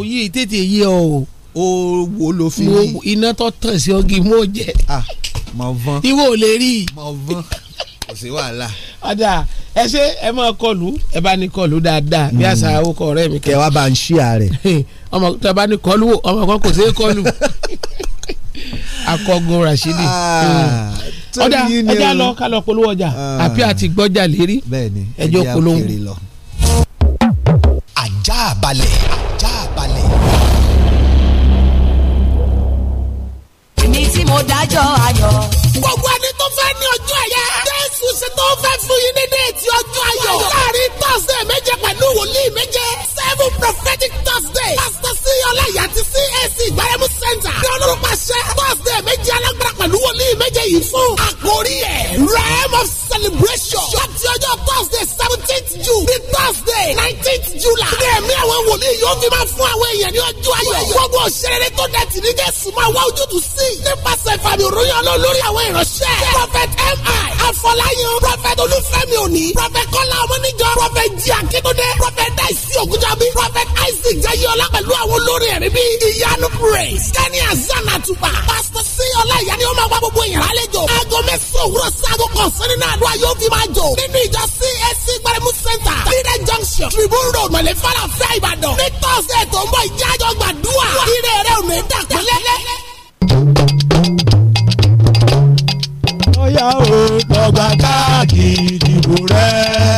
oyè tètè yé ọ o. o wo ló fi rí. iná tó tàn sí ọgì mú jẹ. Ah, mọ̀ vọ́n ìwọ ò lè rí. mọ̀ vọ́n kò sí wàhálà. ọ̀dà ẹ ṣe ẹ máa kọlù ẹ bá ní kọlù dáadáa bí àṣà awokọ ọ̀rẹ́ mi kẹ. kẹ wá bá ń ṣí ààrẹ. ọmọ tó bá ní kọlù ọmọ kan kò sí kọlù. akọgun Rashidi ah, hmm. ọ̀dà ẹja lọ ká lọ polówó ọjà ah. àbí àti gbọ́jà lérí ẹjọ́ polówó. ajá balẹ̀ ajá balẹ̀. èmi tí mo dájọ́ ayọ̀. gbogbo ẹni tó fẹ́ ní ọjọ́ ẹ̀yẹ. jésù ṣe tó fẹ́ fún yín ní déètì ọjọ́ ayọ̀. láàrin tọ́sídẹ̀ẹ́ méje pẹ̀lú wòlíì méje. seven prophetic thursday. pásítọ̀ sí ọláyà àti cac ìgbàlẹ́mú center. ní ọlọ́run pàṣẹ. thursday méje alágbára pẹ̀lú wòlíì méje yìí fún. àkórí ẹ̀ realm of celebration. láti ọjọ́ thursday seventeenth june ní thursday nineteenth july. ní ẹ̀mí àwọn wòlíì yóò fi máa fún àwọn èèyàn ní ọjọ́ ayọ̀. gbogbo òṣèré tó dẹ̀ tì ní jésù máa wá ojútùú sí. nípasẹ̀ ìfàmì òròyìn ọlọ́run àwọn ìránṣẹ́. prophet mi afọláyan prophet olúfẹ́mi òní prophet kọ́lá ọmọnìjọ prophet jí akíndúndé prophet daisy ògúnjọbí prophet isaac jayé ọlá pẹ̀lú àwọn olórin ẹ̀rí bíi ìyanu praise ní azana tuba. pásítọ̀ sí ọlá ìyá ni ó máa wá gbogbo èèyàn lálejò. aago mẹ́sàn-án òwúrọ̀ sáago kan sẹ́ni náà àdúrà yóò fi máa jò. nínú ìjọ CAC gbaremu center tàbídà junction tribune road mọ̀lẹ́ fara fẹ́ ìbàdàn. ní tọ́sídẹ̀ẹ́ tó ń bọ̀ ìjájọ́ gbàdúrà. ire rẹ̀ ò ní dàgbẹ́lẹ́. lọ́yà o lọ́gbà káàdì ìdìbò rẹ̀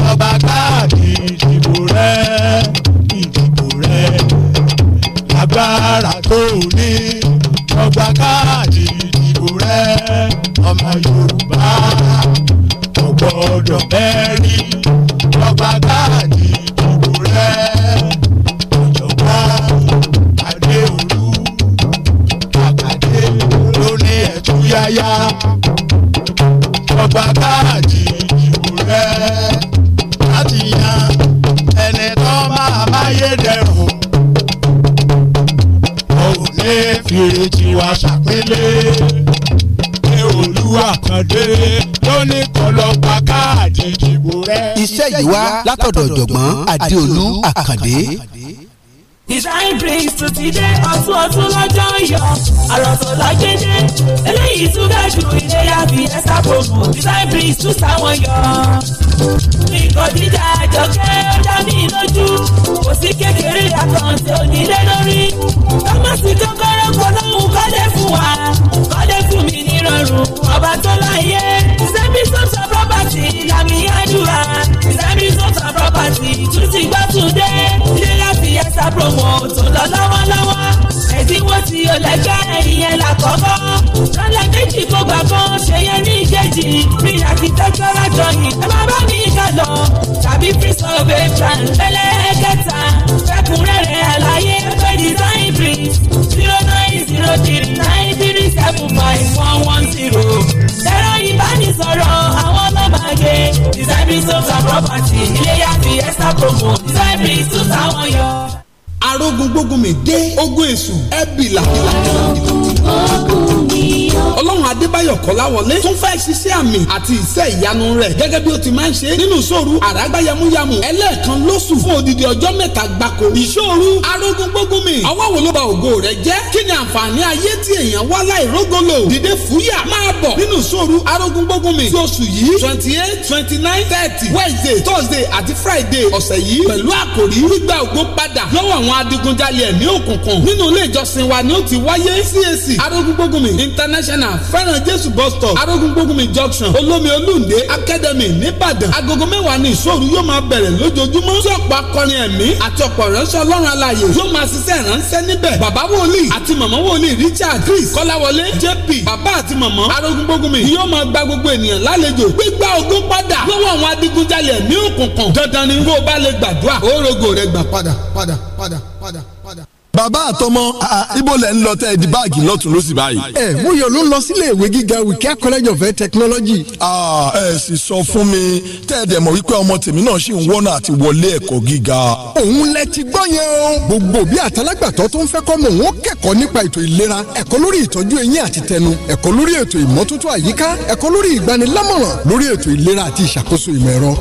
lọ́gbà káàdì ìdìbò rẹ̀. agbára tó ní ọgbà káàdì ìdìbò rẹ ọmọ Yorùbá ọgbọ́dọ̀ bẹ́ẹ̀rí ọgbà káàdì ìdìbò rẹ ọ̀jọ̀gbọ́n Adéolú àkàdé ló ní ẹ̀túyáyá ọgbà káàdì ìdìbò rẹ láti yan ẹni tó máa máyé dẹrùn ké fi èjì wa ṣàpélé pé olúwa kan dé ló ní kó lọ pa káàdì ìdìbò rẹ. iṣẹ́ yìí wá látọ̀dọ̀ ọ̀jọ̀gbọ́n adéolú àkàndé The shine brings to today ọ̀tún ọ̀tún lọ́jọ́ yọ àrọ̀ tó lágbédé eléyìí tún ga ju ìléyà fi ẹ̀sà promo The shine brings tún sáwọn yọ. nǹkan jíjà àjọkẹ́ ó dá mi lójú kò sí kékeré àkànṣe onílé lórí tọ́mọ̀sí kọ́kọ́rọ́ polówó kọ́lé fún wa kọ́lé fún mi nírọ̀rùn ọba tó láyé sẹ́mi sọ́sọ́ property làmì àdúrà sẹ́mi sọ́sọ́ property tún ti gbọ́ tún yes, I promote. So, la, la, la, la, la. tiwó tí o lẹ́jọ́ ẹ̀yìn làkọ́kọ́ lọ́lẹ̀ méjì kó gbà kan ṣe yẹn ní ìkejì bí àkìtẹ́kọ̀rọ̀ jọ yìí ẹ má bá mi kà lọ tàbí free salvation lẹ́lẹ́kẹta fẹ́kúnrẹ́rẹ́ àlàyé pé design print zero nine zero three nine three seven five one one zero ẹ̀rọ ìbánisọ̀rọ̀ àwọn ọlọ́màgé design print homes and property ilé yàtì extra promo design print tún táwọn yọ arógun gbógunmi dé ogun èṣù ẹbí làkìlàkìlà. ogun ogun ọlọ́run adébáyọ̀ kọ́láwọlé tún fẹ́ ṣiṣẹ́ àmì àti iṣẹ́ ìyanu rẹ̀ gẹ́gẹ́ bí ó ti máa ń ṣe nínú ìṣòro àrágbáyamuyamu ẹlẹ́ẹ̀kan lóṣù fún odidi ọjọ́ mẹ́ta gbáko ìṣòro arógún gbógun mi ọwọ́ wo ló ba ògo rẹ jẹ́ kí ni àǹfààní ayé tí èèyàn wá láì rógolo dìde fúyà máa bọ̀ nínú ìṣòro arógún gbógun mi lóṣù yìí twenty eight twenty nine thirty wednesday thursday àti friday ọ̀sẹ̀ yìí pẹ̀lú àkòrí gbígba ògo padà lọ́wọ́ àwọn adigunjalè ẹ̀mí òkùnkùn nínú ilé ìjọsìn wa ni ó ti wáyé cac arógún gbógun mi international náà fẹ́ràn jésù bus stop arógúngbógunmi junction olómi olúndé academy nìbàdàn agogo mẹ́wàá ní ìṣòro yóò máa bẹ̀rẹ̀ lójoojúmọ́ sí ọ̀pọ̀ akọrin ẹ̀mí àti ọ̀pọ̀ ránṣẹ́ ọlọ́run alààyè yóò máa ṣiṣẹ́ ránṣẹ́ níbẹ̀ bàbá wòlíì àti màmá wòlíì richard chris kọ́láwọlé jp bàbá àti màmá arógúngbógunmi yóò máa gba gbogbo ènìyàn lálejò gbígbà ogún padà lọ́wọ́ àwọn adigunjalè ní òkùnkùn dandan ni bó o bá lè gbàdúrà ó rogo rẹ gbà padà padà padà bàbá àtọmọ ibo lẹ ń lọ tẹ di báàgì lọtún lọsí báyìí. ẹ mo yọ ló ń lọ sílé ìwé gíga Wikia college of air technology. ẹ sì sọ fún mi tẹ́ ẹ dẹ̀ mọ̀ wípé ọmọ tèmi náà ṣì ń wọ́nà àti wọlé ẹ̀kọ́ gíga. òun lẹ ti gbọ́ yẹn o. gbogbo bí àtàlágbàtọ́ tó ń fẹ́ kọ́ mọ̀ wọ́n kẹ́kọ̀ọ́ nípa ètò ìlera ẹ̀kọ́ lórí ìtọ́jú eyín àti tẹnu ẹ̀kọ́ lórí ètò ìmọ́tótó àyíká ẹ̀kọ́ lórí ìgbanilámọ̀ràn lórí ètò ìlera àti ìṣàkóso ìmọ̀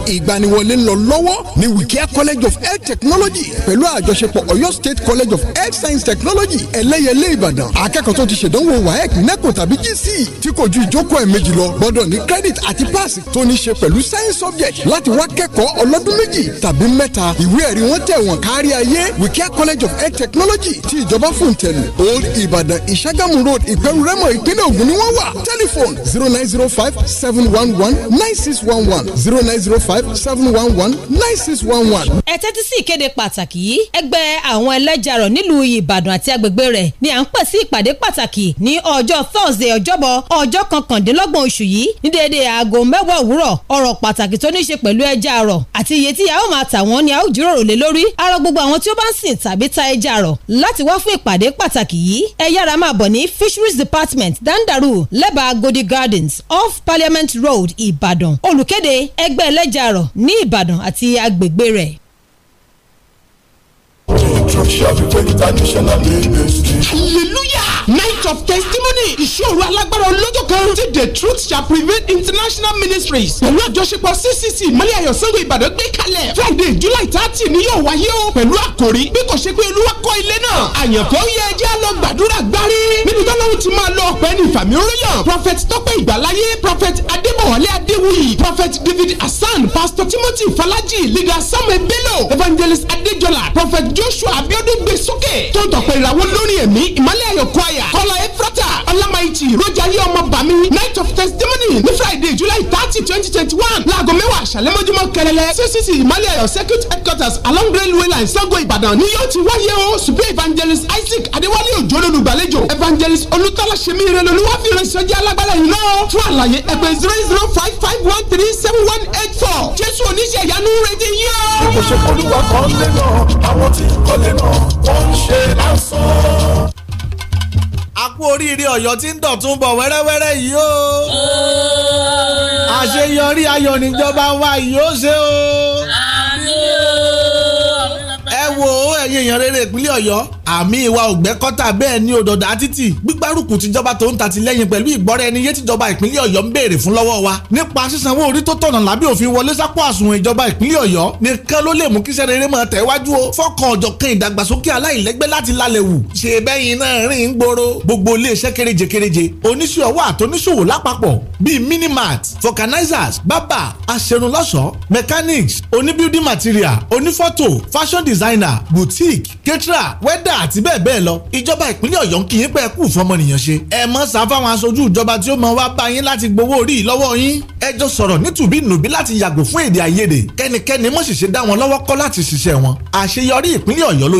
college of air technology pẹ̀lú àjọṣepọ̀ Ọ̀yọ́ state college of health science technology ẹlẹ́yẹlé ìbàdàn akẹ́kọ̀ọ́ tó ti ṣèdánwò waec neco tàbí gc tí kò ju ìjókòó ẹ̀ méjì lọ gbọ́dọ̀ ní credit àti pass tó ní ṣe pẹ̀lú science subject láti wá kẹ́kọ̀ọ́ ọlọ́dún méjì tàbí mẹ́ta ìwé ẹ̀rí wọn tẹ̀ wọ́n kárí ayé wikẹ́ college of health technology ti ìjọba fòǹtẹ̀lù old ìbàdàn ìṣàgámù road ìpẹ̀rù rẹ́mọ̀ ìpínlẹ̀ ògùn ni wọ́n wà telephone zero nine zero five seven one one nine six one one zero nine zero five seven one one nine six one one. ẹ tẹ́tí sí ìkéde pàtàkì yìí ẹgbẹ́ àwọn ẹlẹ́jàrọ̀ nílùú nílùú ìbàdàn àti agbègbè rẹ̀ ni à ń pè sí ìpàdé pàtàkì ní ọjọ́ thursday ọjọ́bọ̀ ọjọ́ kọkàndínlọ́gbọ̀n oṣù yìí ní déédéé aago mẹ́wàá òwúrọ̀ ọ̀rọ̀ pàtàkì tó ní í ṣe pẹ̀lú ẹja àrọ̀ àti iye tí a ó máa tà wọ́n ni a ó jíròrò lé lórí arọ gbogbo àwọn tí ó bá ń sìn tàbí ta ẹja àrọ̀ láti wá fún ìpàdé pàtàkì yìí ẹ yára máa bọ̀ ní fisheries department dandaru lẹ́bàá godi gardens off parliament road ìbàdàn olùkéde ẹgbẹ́ ẹlẹ́ja àrọ̀ ní ìbàdàn àti agbègbè rẹ̀ Chouye night of testimony ìṣòro alágbára olójó kan ti the truth shall prevail international ministries pẹ̀lú àjọṣepọ̀ ccc ìmọ̀lẹ̀ ayọ̀ sango ìbàdàn gbé kalẹ̀ friday july thirty ni yóò wáyé o pẹ̀lú àkòrí bí kò ṣe pé olúwa kọ́ ilé náà àyànfẹ́ ó yẹ ẹjẹ́ lọ gbàdúrà gbárí níbi tọ́lọ́run ti máa lọ ọ̀pẹ́ ní ìfàmì oríyàn prophet tọ́pẹ́ ìgbàláyé prophet adébọ̀wálé adéwuyì prophet david hasan pastor timothy falaji leader samuel bello evangelist adéjọlá prophet joshua abiodun gbèsókè tó tọ̀pẹ̀ ìràwọ̀ lórí ẹ̀mí ìmọ̀lẹ̀ ayọ̀ kọ́ ayẹ choir kọ́lá efrata ọlámáìtì rojà yé ọmọ bàmí night of testimony ní friday july thirty twenty twenty one láago mẹ́wàá àṣálẹ́ mọ́júmọ́ kẹrẹlẹ ccc ìmọ̀lẹ̀ ayọ̀ circuit headquarters along railway line sango ìbàdàn ni yóò ti wáyé o supreme evangelist isaac adéwálé òjò lólùgbàlejò evangelist olùtọ́lá sẹ́mìrẹ́ lolúwàfíìrẹ́ sọ́jà alágbára yìí náà fún àlàyé ẹgbẹ́ zero zero five five one three seven one eight four jésù oníṣẹ́ ìyanu retí yín o. kò ṣe kọlu wa kan lé náà àwọn tí ń kọ́lé náà wọ́n ń a kú oríire ọ̀yọ́ tí ń dọ̀tún bọ̀ wẹ́rẹ́wẹ́rẹ́ yìí o. àṣeyọrí ayọ̀ níjọba wa yìí ó ṣe o. àmín o wo ẹ̀yin èèyàn rere ìpínlẹ̀ ọ̀yọ́ àmì ìwà ògbẹ́kọ́tà bẹ́ẹ̀ ni òdòdó títì gbígbárùkù tìjọba tó ń ta tìlẹ́yìn pẹ̀lú ìgbọ́ra ẹni yé tìjọba ìpínlẹ̀ ọ̀yọ́ ń béèrè fún lọ́wọ́ wa nípa sísanwó orí tó tọ̀nà lábẹ́ òfin wọlé sápò àsùnwọ̀n ìjọba ìpínlẹ̀ ọ̀yọ́ nìkan ló lè mú kíṣẹ́ rere máa tẹ̀wájú o fọ́kàn ọ̀jọ̀kan ìdàgbàsókè aláìlẹ́gbẹ́ láti lálẹ́ wù ṣe bẹ́yìn náà rìn ń gbòòrò gbogbo iléeṣẹ́ kéréje kéréje oníṣẹ́ ọwọ́ àtọ́níṣòwò lápapọ̀ bíi minimart vulcanizers bábà aṣerunlọ́ṣọ́ mechanics oníbuilding material onífọ́tò fashion designer tailor boutique caterer wẹ́dà àti bẹ́ẹ̀ bẹ́ẹ̀ lọ ìjọba ìpínlẹ̀ ọ̀yọ́ ń kí yín pé ẹ kú fọmọnìyàn ṣe ẹ mọ́ sá fáwọn aṣojú ìjọba tí ó mọ wá bá yín láti gbowó orí lọ́wọ́ yín ẹ jọ sọ̀rọ̀ nítùbí nùbí láti yàgò fún èdè àìyedè kẹ́nikẹ́ni mọ̀ṣẹ̀ṣẹ̀ dá wọn lọ́wọ́ kọ́ láti ṣiṣẹ́ wọn àṣeyọrí ìpínlẹ̀ ọ̀yọ́ ló